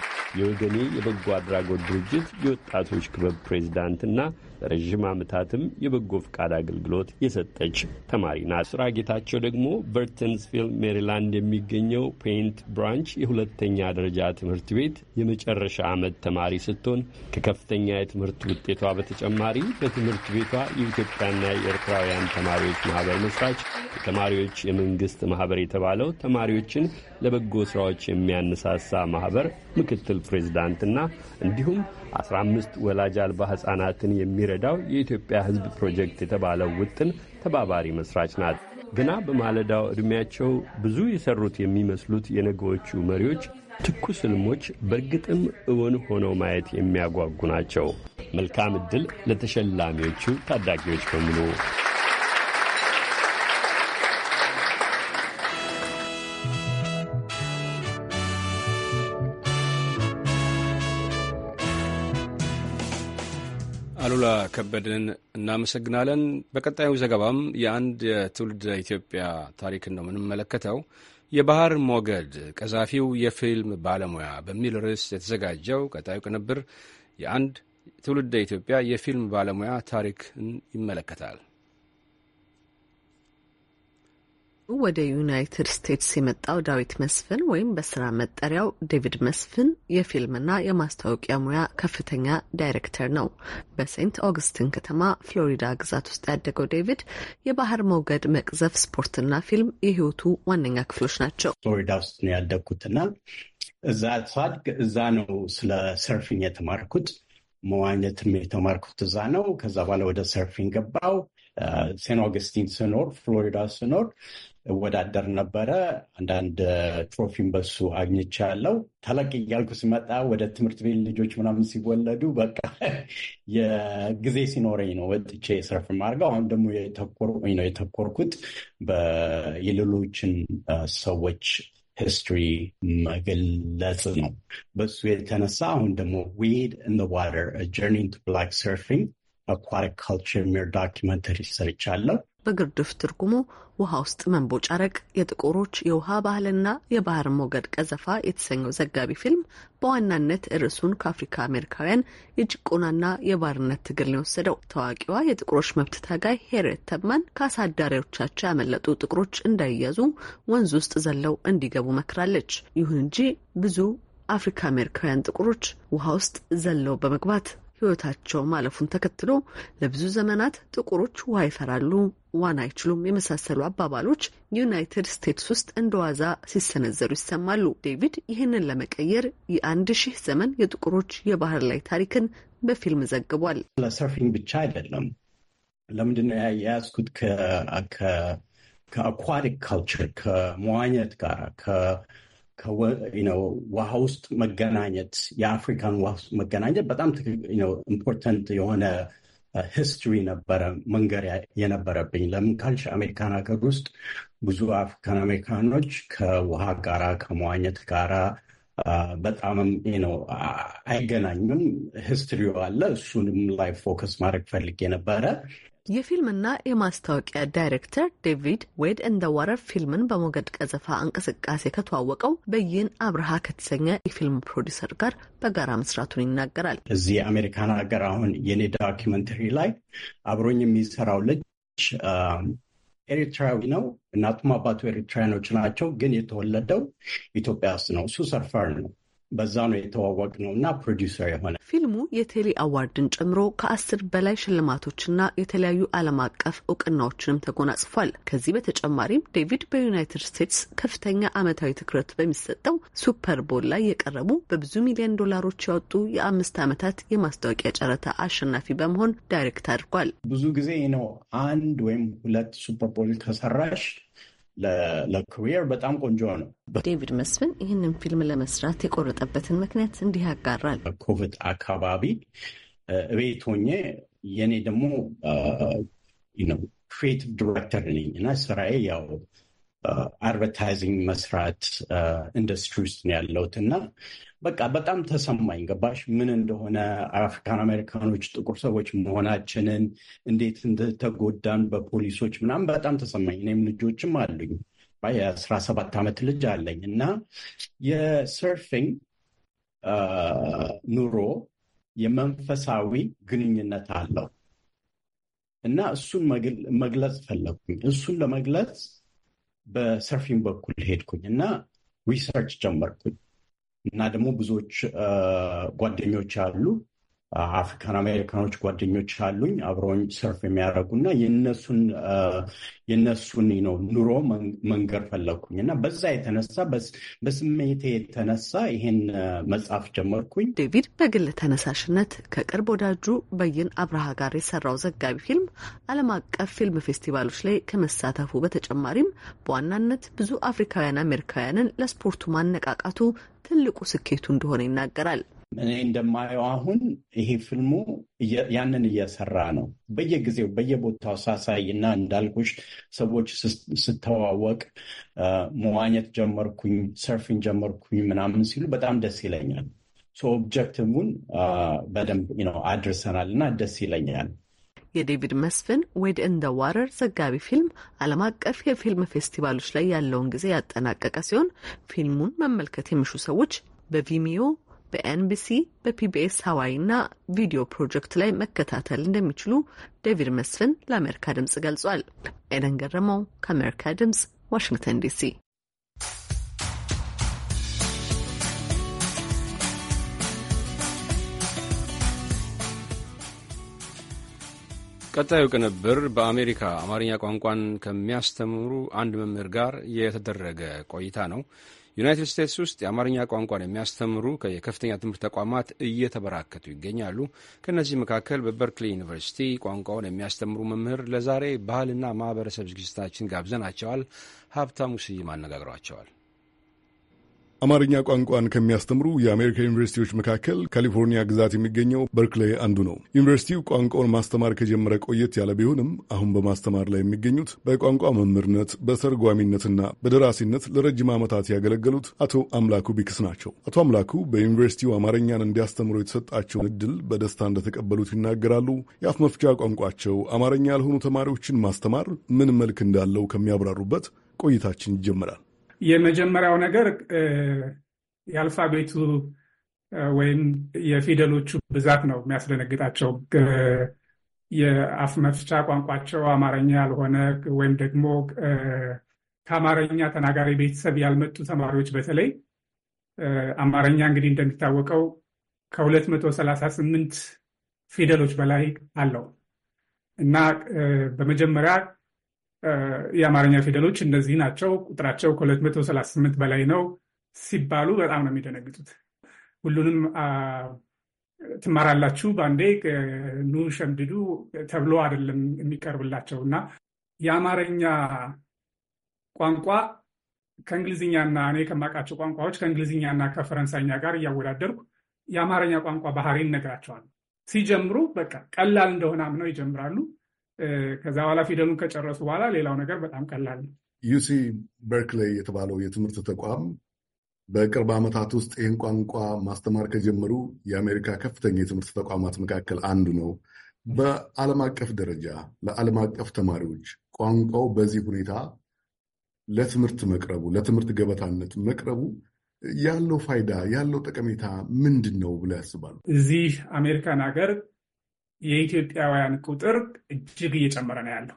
የወገኔ የበጎ አድራጎት ድርጅት የወጣቶች ክበብ ፕሬዚዳንትና ለረዥም ዓመታትም የበጎ ፈቃድ አገልግሎት የሰጠች ተማሪ ናት። ስራ ጌታቸው ደግሞ በርተንስቪል ሜሪላንድ የሚገኘው ፔንት ብራንች የሁለተኛ ደረጃ ትምህርት ቤት የመጨረሻ ዓመት ተማሪ ስትሆን ከከፍተኛ የትምህርት ውጤቷ በተጨማሪ በትምህርት ቤቷ የኢትዮጵያና የኤርትራውያን ተማሪዎች ማህበር መስራች፣ የተማሪዎች የመንግስት ማህበር የተባለው ተማሪዎችን ለበጎ ስራዎች የሚያነሳሳ ማህበር ምክትል ፕሬዚዳንትና እንዲሁም 15 ወላጅ አልባ ሕፃናትን የሚረዳው የኢትዮጵያ ሕዝብ ፕሮጀክት የተባለው ውጥን ተባባሪ መስራች ናት። ገና በማለዳው ዕድሜያቸው ብዙ የሠሩት የሚመስሉት የነገዎቹ መሪዎች ትኩስ ሕልሞች በእርግጥም እውን ሆነው ማየት የሚያጓጉ ናቸው። መልካም ዕድል ለተሸላሚዎቹ ታዳጊዎች በሙሉ። አሉላ ከበድን እናመሰግናለን። በቀጣዩ ዘገባም የአንድ የትውልድ ኢትዮጵያ ታሪክን ነው የምንመለከተው። የባህር ሞገድ ቀዛፊው የፊልም ባለሙያ በሚል ርዕስ የተዘጋጀው ቀጣዩ ቅንብር የአንድ ትውልድ ኢትዮጵያ የፊልም ባለሙያ ታሪክን ይመለከታል። ወደ ዩናይትድ ስቴትስ የመጣው ዳዊት መስፍን ወይም በስራ መጠሪያው ዴቪድ መስፍን የፊልምና የማስታወቂያ ሙያ ከፍተኛ ዳይሬክተር ነው። በሴንት ኦግስትን ከተማ ፍሎሪዳ ግዛት ውስጥ ያደገው ዴቪድ የባህር ሞገድ መቅዘፍ ስፖርትና ፊልም የህይወቱ ዋነኛ ክፍሎች ናቸው። ፍሎሪዳ ውስጥ ነው ያደግኩትና እዛ ሳድግ እዛ ነው ስለ ሰርፊንግ የተማርኩት። መዋኘትም የተማርኩት እዛ ነው። ከዛ በኋላ ወደ ሰርፊንግ ገባው። ሴንት ኦግስቲን ስኖር፣ ፍሎሪዳ ስኖር እወዳደር ነበረ። አንዳንድ ትሮፊም በሱ አግኝቻለሁ። ተለቅ እያልኩ ሲመጣ ወደ ትምህርት ቤት ልጆች ምናምን ሲወለዱ በቃ የጊዜ ሲኖረኝ ነው ወጥቼ ስረፍ ማድረገው። አሁን ደግሞ ነው የተኮርኩት የሌሎችን ሰዎች ሂስትሪ መግለጽ ነው። በሱ የተነሳ አሁን ደግሞ ዌድ ኢን ዘ ዋተር ጀርኒ ቱ ብላክ ሰርፊንግ አኳሪክ ካልቸር ሚር ዶኪመንተሪ ሰርቻለሁ። በግርድፍ ትርጉሙ ውሃ ውስጥ መንቦጫረቅ የጥቁሮች የውሃ ባህልና የባህር ሞገድ ቀዘፋ የተሰኘው ዘጋቢ ፊልም በዋናነት ርዕሱን ከአፍሪካ አሜሪካውያን የጭቆናና የባርነት ትግል ነው የወሰደው። ታዋቂዋ የጥቁሮች መብት ታጋይ ሄሬት ተብማን ከአሳዳሪዎቻቸው ያመለጡ ጥቁሮች እንዳይያዙ ወንዝ ውስጥ ዘለው እንዲገቡ መክራለች። ይሁን እንጂ ብዙ አፍሪካ አሜሪካውያን ጥቁሮች ውሃ ውስጥ ዘለው በመግባት ህይወታቸው ማለፉን ተከትሎ ለብዙ ዘመናት ጥቁሮች ውሃ ይፈራሉ፣ ዋና አይችሉም የመሳሰሉ አባባሎች ዩናይትድ ስቴትስ ውስጥ እንደ ዋዛ ሲሰነዘሩ ይሰማሉ። ዴቪድ ይህንን ለመቀየር የአንድ ሺህ ዘመን የጥቁሮች የባህር ላይ ታሪክን በፊልም ዘግቧል። ለሰርፊንግ ብቻ አይደለም። ለምንድነው የያዝኩት? ከአኳቲክ ካልቸር ከመዋኘት ጋር ውሃ ውስጥ መገናኘት የአፍሪካን ውሃ ውስጥ መገናኘት በጣም ኢምፖርተንት የሆነ ሂስትሪ uh, ነበረ መንገር የነበረብኝ። ለምን ካልሽ አሜሪካን ሀገር ውስጥ ብዙ አፍሪካን አሜሪካኖች ከውሃ ጋራ ከመዋኘት ጋራ uh, በጣምም ነው አይገናኙም። ሂስትሪው አለ። እሱንም ላይ ፎከስ ማድረግ ፈልጌ ነበረ። የፊልምና የማስታወቂያ ዳይሬክተር ዴቪድ ዌድ እንደ ወረር ፊልምን በሞገድ ቀዘፋ እንቅስቃሴ ከተዋወቀው በይን አብርሃ ከተሰኘ የፊልም ፕሮዲሰር ጋር በጋራ መስራቱን ይናገራል። እዚህ የአሜሪካን ሀገር አሁን የኔ ዳኪመንተሪ ላይ አብሮኝ የሚሰራው ልጅ ኤሪትራዊ ነው። እናቱም አባቱ ኤሪትራያኖች ናቸው፣ ግን የተወለደው ኢትዮጵያ ውስጥ ነው። እሱ ሰርፈር ነው በዛ ነው የተዋወቅ ነው እና ፕሮዲሰር የሆነ ፊልሙ የቴሌ አዋርድን ጨምሮ ከአስር በላይ ሽልማቶችና የተለያዩ ዓለም አቀፍ እውቅናዎችንም ተጎናጽፏል። ከዚህ በተጨማሪም ዴቪድ በዩናይትድ ስቴትስ ከፍተኛ ዓመታዊ ትኩረት በሚሰጠው ሱፐር ቦል ላይ የቀረቡ በብዙ ሚሊዮን ዶላሮች ያወጡ የአምስት ዓመታት የማስታወቂያ ጨረታ አሸናፊ በመሆን ዳይሬክት አድርጓል። ብዙ ጊዜ ነው አንድ ወይም ሁለት ሱፐር ቦል ከሰራሽ ለኩሪየር በጣም ቆንጆ ነው። ዴቪድ መስፍን ይህንን ፊልም ለመስራት የቆረጠበትን ምክንያት እንዲህ ያጋራል። ኮቪድ አካባቢ እቤት ሆኜ የኔ ደግሞ ክሪኤቲቭ ዲሬክተር ነኝ እና ስራዬ ያው አድቨርታይዚንግ መስራት ኢንዱስትሪ ውስጥ ነው ያለሁት እና በቃ በጣም ተሰማኝ። ገባሽ ምን እንደሆነ አፍሪካን አሜሪካኖች ጥቁር ሰዎች መሆናችንን እንዴት እንደተጎዳን በፖሊሶች ምናምን በጣም ተሰማኝ። እኔም ልጆችም አሉኝ የአስራ ሰባት ዓመት ልጅ አለኝ እና የሰርፊንግ ኑሮ የመንፈሳዊ ግንኙነት አለው እና እሱን መግለጽ ፈለግኩኝ። እሱን ለመግለጽ በሰርፊንግ በኩል ሄድኩኝ እና ሪሰርች ጀመርኩኝ። እና ደግሞ ብዙዎች ጓደኞች አሉ አፍሪካን አሜሪካኖች ጓደኞች አሉኝ አብረውኝ ሰርፍ የሚያደርጉ እና የእነሱን ነው ኑሮ መንገድ ፈለግኩኝ እና በዛ የተነሳ በስሜቴ የተነሳ ይሄን መጽሐፍ ጀመርኩኝ። ዴቪድ በግል ተነሳሽነት ከቅርብ ወዳጁ በይን አብርሃ ጋር የሰራው ዘጋቢ ፊልም ዓለም አቀፍ ፊልም ፌስቲቫሎች ላይ ከመሳተፉ በተጨማሪም በዋናነት ብዙ አፍሪካውያን አሜሪካውያንን ለስፖርቱ ማነቃቃቱ ትልቁ ስኬቱ እንደሆነ ይናገራል። እኔ እንደማየው አሁን ይሄ ፊልሙ ያንን እየሰራ ነው። በየጊዜው በየቦታው ሳሳይና እንዳልኩሽ ሰዎች ስተዋወቅ መዋኘት ጀመርኩኝ፣ ሰርፊን ጀመርኩኝ ምናምን ሲሉ በጣም ደስ ይለኛል። ኦብጀክቲቭን በደንብ አድርሰናል እና ደስ ይለኛል። የዴቪድ መስፍን ዌድ እንደ ዋረር ዘጋቢ ፊልም ዓለም አቀፍ የፊልም ፌስቲቫሎች ላይ ያለውን ጊዜ ያጠናቀቀ ሲሆን ፊልሙን መመልከት የሚሹ ሰዎች በቪሚዮ በኤንቢሲ በፒቢኤስ ሀዋይ እና ቪዲዮ ፕሮጀክት ላይ መከታተል እንደሚችሉ ዴቪድ መስፍን ለአሜሪካ ድምጽ ገልጿል። ኤደን ገረመው ከአሜሪካ ድምጽ ዋሽንግተን ዲሲ ቀጣዩ ቅንብር በአሜሪካ አማርኛ ቋንቋን ከሚያስተምሩ አንድ መምህር ጋር የተደረገ ቆይታ ነው። ዩናይትድ ስቴትስ ውስጥ የአማርኛ ቋንቋን የሚያስተምሩ የከፍተኛ ትምህርት ተቋማት እየተበራከቱ ይገኛሉ። ከእነዚህ መካከል በበርክሊ ዩኒቨርሲቲ ቋንቋውን የሚያስተምሩ መምህር ለዛሬ ባህልና ማህበረሰብ ዝግጅታችን ጋብዘናቸዋል። ሀብታሙ ስይም አነጋግሯቸዋል። አማርኛ ቋንቋን ከሚያስተምሩ የአሜሪካ ዩኒቨርሲቲዎች መካከል ካሊፎርኒያ ግዛት የሚገኘው በርክሌይ አንዱ ነው። ዩኒቨርሲቲው ቋንቋውን ማስተማር ከጀመረ ቆየት ያለ ቢሆንም አሁን በማስተማር ላይ የሚገኙት በቋንቋ መምህርነት፣ በተርጓሚነትና በደራሲነት ለረጅም ዓመታት ያገለገሉት አቶ አምላኩ ቢክስ ናቸው። አቶ አምላኩ በዩኒቨርሲቲው አማርኛን እንዲያስተምሩ የተሰጣቸውን እድል በደስታ እንደተቀበሉት ይናገራሉ። የአፍ መፍቻ ቋንቋቸው አማርኛ ያልሆኑ ተማሪዎችን ማስተማር ምን መልክ እንዳለው ከሚያብራሩበት ቆይታችን ይጀምራል። የመጀመሪያው ነገር የአልፋቤቱ ወይም የፊደሎቹ ብዛት ነው የሚያስደነግጣቸው። የአፍ መፍቻ ቋንቋቸው አማርኛ ያልሆነ ወይም ደግሞ ከአማርኛ ተናጋሪ ቤተሰብ ያልመጡ ተማሪዎች በተለይ አማርኛ እንግዲህ እንደሚታወቀው ከ238 ፊደሎች በላይ አለው እና በመጀመሪያ የአማርኛ ፊደሎች እነዚህ ናቸው፣ ቁጥራቸው ከ238 በላይ ነው ሲባሉ በጣም ነው የሚደነግጡት። ሁሉንም ትማራላችሁ በአንዴ ኑ ሸምድዱ ተብሎ አይደለም የሚቀርብላቸው እና የአማርኛ ቋንቋ ከእንግሊዝኛና እኔ ከማውቃቸው ቋንቋዎች ከእንግሊዝኛና ከፈረንሳይኛ ጋር እያወዳደርኩ የአማርኛ ቋንቋ ባህሪን እነግራቸዋለሁ። ሲጀምሩ በቃ ቀላል እንደሆነ አምነው ይጀምራሉ። ከዛ በኋላ ፊደሉን ከጨረሱ በኋላ ሌላው ነገር በጣም ቀላል ነው። ዩሲ በርክሌይ የተባለው የትምህርት ተቋም በቅርብ ዓመታት ውስጥ ይህን ቋንቋ ማስተማር ከጀመሩ የአሜሪካ ከፍተኛ የትምህርት ተቋማት መካከል አንዱ ነው። በዓለም አቀፍ ደረጃ ለዓለም አቀፍ ተማሪዎች ቋንቋው በዚህ ሁኔታ ለትምህርት መቅረቡ ለትምህርት ገበታነት መቅረቡ ያለው ፋይዳ ያለው ጠቀሜታ ምንድን ነው ብለህ ያስባሉ? እዚህ አሜሪካን ሀገር የኢትዮጵያውያን ቁጥር እጅግ እየጨመረ ነው ያለው።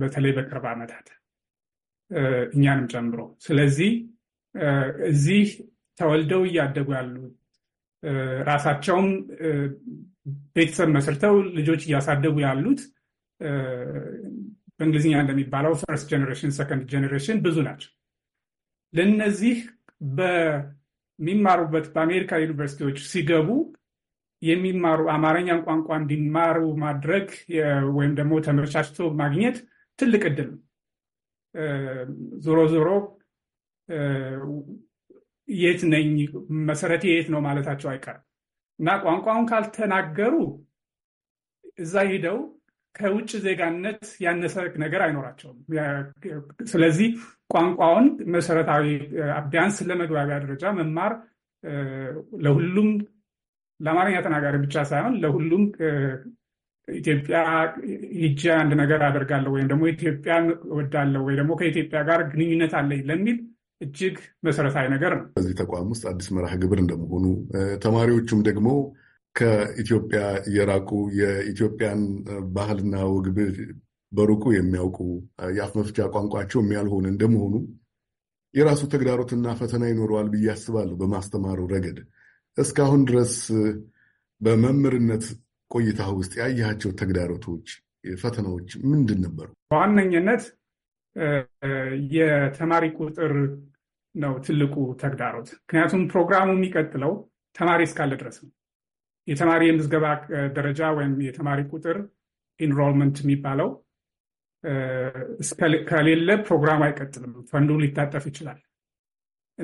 በተለይ በቅርብ ዓመታት እኛንም ጨምሮ። ስለዚህ እዚህ ተወልደው እያደጉ ያሉ ራሳቸውም ቤተሰብ መስርተው ልጆች እያሳደጉ ያሉት በእንግሊዝኛ እንደሚባለው ፈርስት ጀኔሬሽን፣ ሰከንድ ጀኔሬሽን ብዙ ናቸው። ለእነዚህ በሚማሩበት በአሜሪካ ዩኒቨርሲቲዎች ሲገቡ የሚማሩ አማርኛን ቋንቋ እንዲማሩ ማድረግ ወይም ደግሞ ተመቻችቶ ማግኘት ትልቅ እድል ነው። ዞሮ ዞሮ የት ነኝ መሰረቴ የት ነው ማለታቸው አይቀርም እና ቋንቋውን ካልተናገሩ እዛ ሄደው ከውጭ ዜጋነት ያነሰ ነገር አይኖራቸውም። ስለዚህ ቋንቋውን መሰረታዊ ቢያንስ ለመግባቢያ ደረጃ መማር ለሁሉም ለአማርኛ ተናጋሪ ብቻ ሳይሆን ለሁሉም ኢትዮጵያ ሄጄ አንድ ነገር አደርጋለሁ ወይም ደግሞ ኢትዮጵያ ወዳለሁ ወይ ደግሞ ከኢትዮጵያ ጋር ግንኙነት አለኝ ለሚል እጅግ መሰረታዊ ነገር ነው። በዚህ ተቋም ውስጥ አዲስ መርሃ ግብር እንደመሆኑ ተማሪዎቹም ደግሞ ከኢትዮጵያ የራቁ የኢትዮጵያን ባህልና ወግ በሩቁ የሚያውቁ የአፍ መፍቻ ቋንቋቸውም እንደመሆኑ የራሱ ተግዳሮትና ፈተና ይኖረዋል ብዬ አስባለሁ በማስተማሩ ረገድ እስካሁን ድረስ በመምህርነት ቆይታ ውስጥ ያያቸው ተግዳሮቶች፣ ፈተናዎች ምንድን ነበሩ? በዋነኝነት የተማሪ ቁጥር ነው ትልቁ ተግዳሮት። ምክንያቱም ፕሮግራሙ የሚቀጥለው ተማሪ እስካለ ድረስ ነው። የተማሪ የምዝገባ ደረጃ ወይም የተማሪ ቁጥር ኢንሮልመንት የሚባለው ከሌለ ፕሮግራሙ አይቀጥልም። ፈንዱ ሊታጠፍ ይችላል።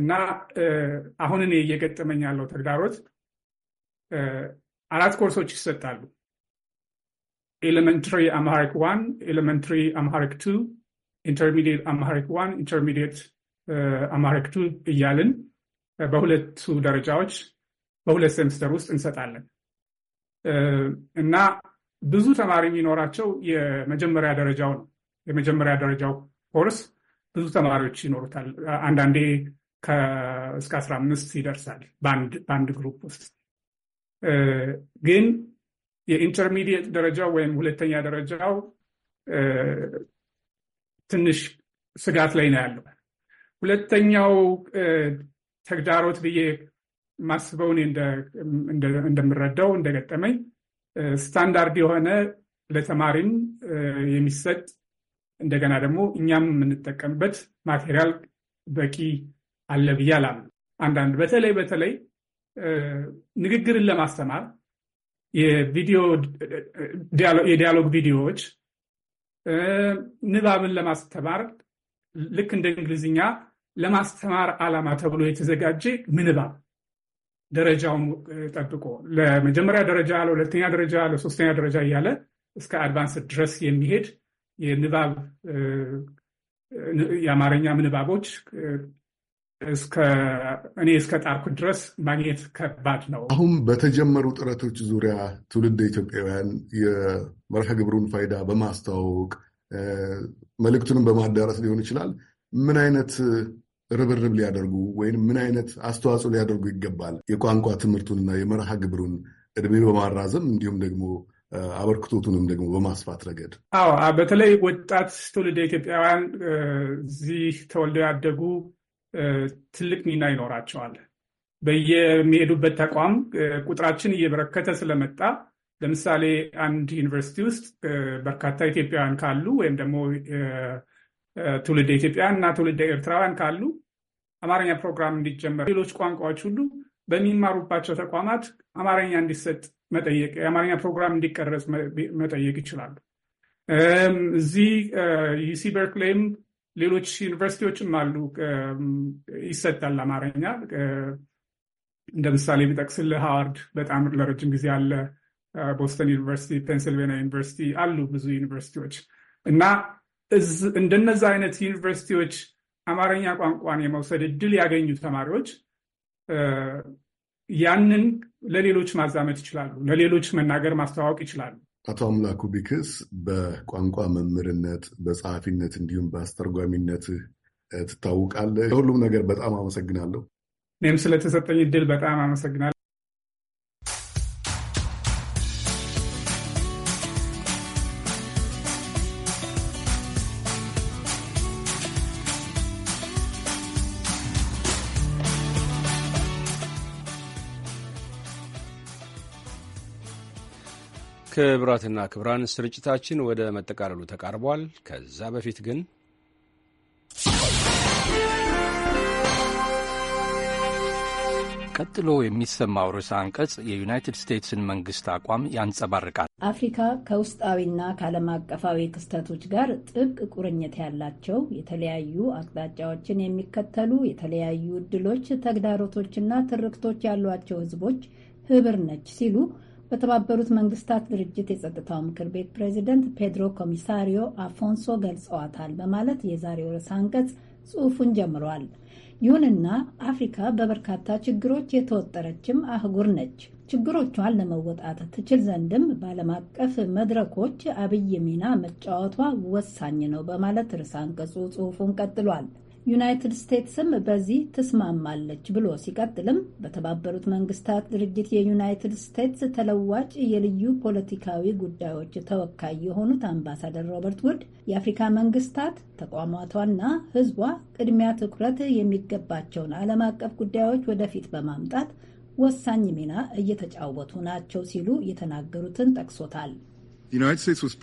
እና አሁን እኔ እየገጠመኝ ያለው ተግዳሮት አራት ኮርሶች ይሰጣሉ። ኤሌመንትሪ አምሃሪክ ዋን፣ ኤሌመንትሪ አምሃሪክ ቱ፣ ኢንተርሚዲየት አምሃሪክ ዋን፣ ኢንተርሚዲየት አምሃሪክ ቱ እያልን በሁለቱ ደረጃዎች በሁለት ሴምስተር ውስጥ እንሰጣለን እና ብዙ ተማሪ የሚኖራቸው የመጀመሪያ ደረጃው ነው። የመጀመሪያ ደረጃው ኮርስ ብዙ ተማሪዎች ይኖሩታል። አንዳንዴ እስከ አስራ አምስት ይደርሳል በአንድ ግሩፕ ውስጥ ግን የኢንተርሚዲየት ደረጃው ወይም ሁለተኛ ደረጃው ትንሽ ስጋት ላይ ነው ያለው። ሁለተኛው ተግዳሮት ብዬ ማስበውን እንደምረዳው እንደገጠመኝ ስታንዳርድ የሆነ ለተማሪም የሚሰጥ እንደገና ደግሞ እኛም የምንጠቀምበት ማቴሪያል በቂ አለ ብዬ አላምንም። አንዳንድ በተለይ በተለይ ንግግርን ለማስተማር የዲያሎግ ቪዲዮዎች ንባብን ለማስተማር ልክ እንደ እንግሊዝኛ ለማስተማር ዓላማ ተብሎ የተዘጋጀ ምንባብ ደረጃውን ጠብቆ ለመጀመሪያ ደረጃ፣ ለሁለተኛ ደረጃ፣ ለሶስተኛ ደረጃ እያለ እስከ አድቫንስ ድረስ የሚሄድ የንባብ የአማርኛ ምንባቦች እስከ እኔ እስከ ጣርኩ ድረስ ማግኘት ከባድ ነው። አሁን በተጀመሩ ጥረቶች ዙሪያ ትውልድ ኢትዮጵያውያን የመርሃ ግብሩን ፋይዳ በማስተዋወቅ መልእክቱንም በማዳረስ ሊሆን ይችላል። ምን አይነት ርብርብ ሊያደርጉ ወይም ምን አይነት አስተዋጽኦ ሊያደርጉ ይገባል? የቋንቋ ትምህርቱንና የመርሃ ግብሩን እድሜ በማራዘም እንዲሁም ደግሞ አበርክቶቱንም ደግሞ በማስፋት ረገድ። አዎ፣ በተለይ ወጣት ትውልደ ኢትዮጵያውያን እዚህ ተወልደው ያደጉ ትልቅ ሚና ይኖራቸዋል። በየሚሄዱበት ተቋም ቁጥራችን እየበረከተ ስለመጣ ለምሳሌ አንድ ዩኒቨርሲቲ ውስጥ በርካታ ኢትዮጵያውያን ካሉ ወይም ደግሞ ትውልደ ኢትዮጵያውያን እና ትውልደ ኤርትራውያን ካሉ አማርኛ ፕሮግራም እንዲጀመር ሌሎች ቋንቋዎች ሁሉ በሚማሩባቸው ተቋማት አማርኛ እንዲሰጥ መጠየቅ የአማርኛ ፕሮግራም እንዲቀረጽ መጠየቅ ይችላሉ። እዚህ ዩሲ በርክሌይም ሌሎች ዩኒቨርሲቲዎችም አሉ ይሰጣል አማርኛ። እንደ ምሳሌ ቢጠቅስልህ ሃዋርድ በጣም ለረጅም ጊዜ አለ። ቦስተን ዩኒቨርሲቲ፣ ፔንስልቬኒያ ዩኒቨርሲቲ አሉ ብዙ ዩኒቨርሲቲዎች እና እንደነዛ አይነት ዩኒቨርሲቲዎች አማርኛ ቋንቋን የመውሰድ እድል ያገኙ ተማሪዎች ያንን ለሌሎች ማዛመት ይችላሉ፣ ለሌሎች መናገር ማስተዋወቅ ይችላሉ። አቶ አምላኩ ቢክስ በቋንቋ መምህርነት፣ በጸሐፊነት እንዲሁም በአስተርጓሚነት ትታወቃለህ። ለሁሉም ነገር በጣም አመሰግናለሁ። እኔም ስለተሰጠኝ እድል በጣም አመሰግናለሁ። ክብራትና ክብራን ስርጭታችን ወደ መጠቃለሉ ተቃርቧል። ከዛ በፊት ግን ቀጥሎ የሚሰማው ርዕሰ አንቀጽ የዩናይትድ ስቴትስን መንግስት አቋም ያንጸባርቃል። አፍሪካ ከውስጣዊና ከዓለም አቀፋዊ ክስተቶች ጋር ጥብቅ ቁርኝት ያላቸው የተለያዩ አቅጣጫዎችን የሚከተሉ የተለያዩ እድሎች፣ ተግዳሮቶችና ትርክቶች ያሏቸው ህዝቦች ህብር ነች ሲሉ በተባበሩት መንግስታት ድርጅት የጸጥታው ምክር ቤት ፕሬዚደንት ፔድሮ ኮሚሳሪዮ አፎንሶ ገልጸዋታል በማለት የዛሬው ርዕሰ አንቀጽ ጽሑፉን ጀምሯል። ይሁንና አፍሪካ በበርካታ ችግሮች የተወጠረችም አህጉር ነች። ችግሮቿን ለመወጣት ትችል ዘንድም በዓለም አቀፍ መድረኮች አብይ ሚና መጫወቷ ወሳኝ ነው በማለት ርዕሰ አንቀጹ ጽሑፉን ቀጥሏል። ዩናይትድ ስቴትስም በዚህ ትስማማለች ብሎ ሲቀጥልም በተባበሩት መንግስታት ድርጅት የዩናይትድ ስቴትስ ተለዋጭ የልዩ ፖለቲካዊ ጉዳዮች ተወካይ የሆኑት አምባሳደር ሮበርት ውድ የአፍሪካ መንግስታት ተቋማቷና ሕዝቧ ቅድሚያ ትኩረት የሚገባቸውን ዓለም አቀፍ ጉዳዮች ወደፊት በማምጣት ወሳኝ ሚና እየተጫወቱ ናቸው ሲሉ የተናገሩትን ጠቅሶታል። ዩናይትድ ስቴትስ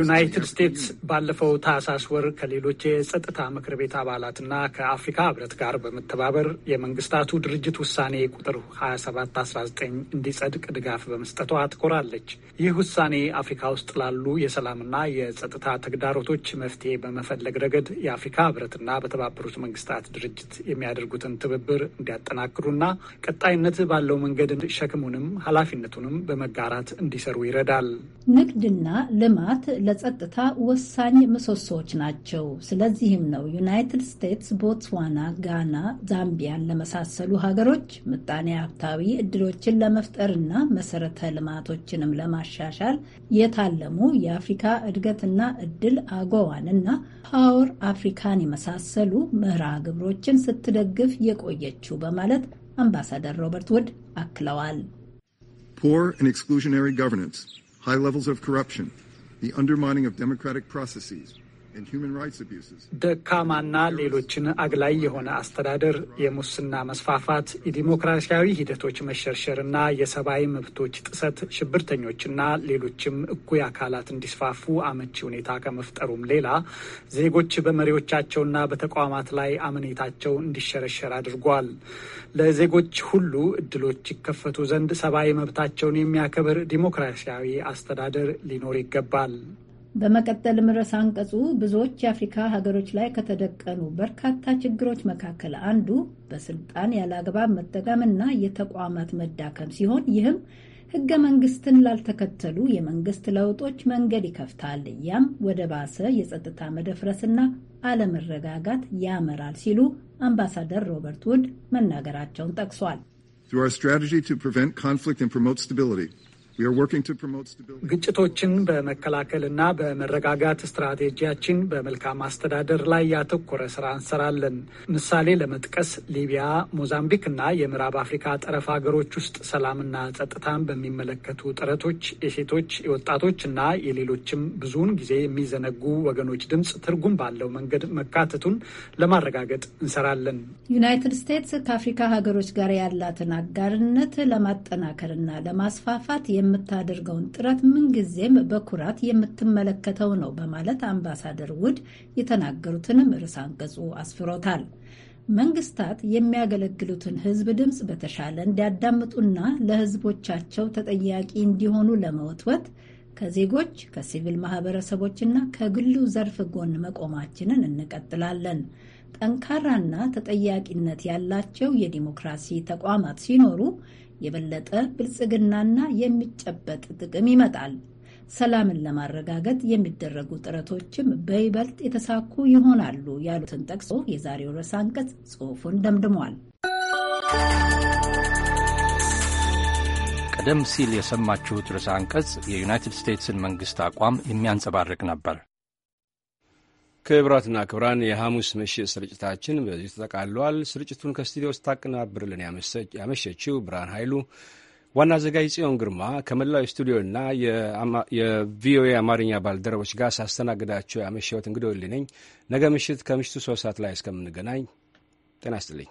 ዩናይትድ ስቴትስ ባለፈው ታህሳስ ወር ከሌሎች የጸጥታ ምክር ቤት አባላትና ከአፍሪካ ህብረት ጋር በመተባበር የመንግስታቱ ድርጅት ውሳኔ ቁጥር 2719 እንዲጸድቅ ድጋፍ በመስጠቷ አትኮራለች። ይህ ውሳኔ አፍሪካ ውስጥ ላሉ የሰላምና የጸጥታ ተግዳሮቶች መፍትሄ በመፈለግ ረገድ የአፍሪካ ህብረትና በተባበሩት መንግስታት ድርጅት የሚያደርጉትን ትብብር እንዲያጠናክሩና ቀጣይነት ባለው መንገድ ሸክሙንም ኃላፊነቱንም በመጋራት እንዲሰሩ ይረዳል። ንግድ ንግድና ልማት ለጸጥታ ወሳኝ ምሰሶዎች ናቸው። ስለዚህም ነው ዩናይትድ ስቴትስ፣ ቦትስዋና፣ ጋና፣ ዛምቢያን ለመሳሰሉ ሀገሮች ምጣኔ ሀብታዊ እድሎችን ለመፍጠርና መሰረተ ልማቶችንም ለማሻሻል የታለሙ የአፍሪካ እድገትና እድል አጎዋንና ፓወር አፍሪካን የመሳሰሉ ምህራ ግብሮችን ስትደግፍ የቆየችው በማለት አምባሳደር ሮበርት ውድ አክለዋል። ፑር ኤንድ ኤክስክሉዥነሪ high levels of corruption, the undermining of democratic processes, ደካማና ሌሎችን አግላይ የሆነ አስተዳደር፣ የሙስና መስፋፋት፣ የዲሞክራሲያዊ ሂደቶች መሸርሸርና የሰብአዊ መብቶች ጥሰት ሽብርተኞችና ሌሎችም እኩይ አካላት እንዲስፋፉ አመቺ ሁኔታ ከመፍጠሩም ሌላ ዜጎች በመሪዎቻቸውና በተቋማት ላይ አመኔታቸው እንዲሸረሸር አድርጓል። ለዜጎች ሁሉ እድሎች ይከፈቱ ዘንድ ሰብአዊ መብታቸውን የሚያከብር ዲሞክራሲያዊ አስተዳደር ሊኖር ይገባል። በመቀጠልም ርዕሰ አንቀጹ ብዙዎች የአፍሪካ ሀገሮች ላይ ከተደቀኑ በርካታ ችግሮች መካከል አንዱ በስልጣን ያለ አግባብ መጠቀምና የተቋማት መዳከም ሲሆን ይህም ህገ መንግስትን ላልተከተሉ የመንግስት ለውጦች መንገድ ይከፍታል። ያም ወደ ባሰ የጸጥታ መደፍረስና አለመረጋጋት ያመራል ሲሉ አምባሳደር ሮበርት ውድ መናገራቸውን ጠቅሷል። Through our strategy to prevent conflict and promote stability, ግጭቶችን በመከላከልና በመረጋጋት ስትራቴጂያችን በመልካም አስተዳደር ላይ ያተኮረ ስራ እንሰራለን። ምሳሌ ለመጥቀስ ሊቢያ፣ ሞዛምቢክ እና የምዕራብ አፍሪካ ጠረፍ ሀገሮች ውስጥ ሰላምና ጸጥታን በሚመለከቱ ጥረቶች የሴቶች የወጣቶች እና የሌሎችም ብዙውን ጊዜ የሚዘነጉ ወገኖች ድምፅ ትርጉም ባለው መንገድ መካተቱን ለማረጋገጥ እንሰራለን። ዩናይትድ ስቴትስ ከአፍሪካ ሀገሮች ጋር ያላትን አጋርነት ለማጠናከርና ለማስፋፋት የምታደርገውን ጥረት ምንጊዜም በኩራት የምትመለከተው ነው በማለት አምባሳደር ውድ የተናገሩትንም ርዕስ አንቀጹ አስፍሮታል። መንግስታት የሚያገለግሉትን ህዝብ ድምፅ በተሻለ እንዲያዳምጡና ለህዝቦቻቸው ተጠያቂ እንዲሆኑ ለመወትወት ከዜጎች ከሲቪል ማህበረሰቦችና ከግሉ ዘርፍ ጎን መቆማችንን እንቀጥላለን። ጠንካራና ተጠያቂነት ያላቸው የዲሞክራሲ ተቋማት ሲኖሩ የበለጠ ብልጽግናና የሚጨበጥ ጥቅም ይመጣል። ሰላምን ለማረጋገጥ የሚደረጉ ጥረቶችም በይበልጥ የተሳኩ ይሆናሉ ያሉትን ጠቅሶ የዛሬው ርዕሰ አንቀጽ ጽሑፉን ደምድሟል። ቀደም ሲል የሰማችሁት ርዕሰ አንቀጽ የዩናይትድ ስቴትስን መንግሥት አቋም የሚያንጸባርቅ ነበር። ክብራትና ክብራን የሐሙስ ምሽት ስርጭታችን በዚህ ተጠቃሏል። ስርጭቱን ከስቱዲዮ ስታቀናብርልን ያመሸችው ብርሃን ኃይሉ፣ ዋና አዘጋጅ ጽዮን ግርማ ከመላው ስቱዲዮና የቪኦኤ አማርኛ ባልደረቦች ጋር ሳስተናግዳቸው ያመሸሁት እንግዲህ ነገ ምሽት ከምሽቱ ሶስት ሰዓት ላይ እስከምንገናኝ ጤና ይስጥልኝ።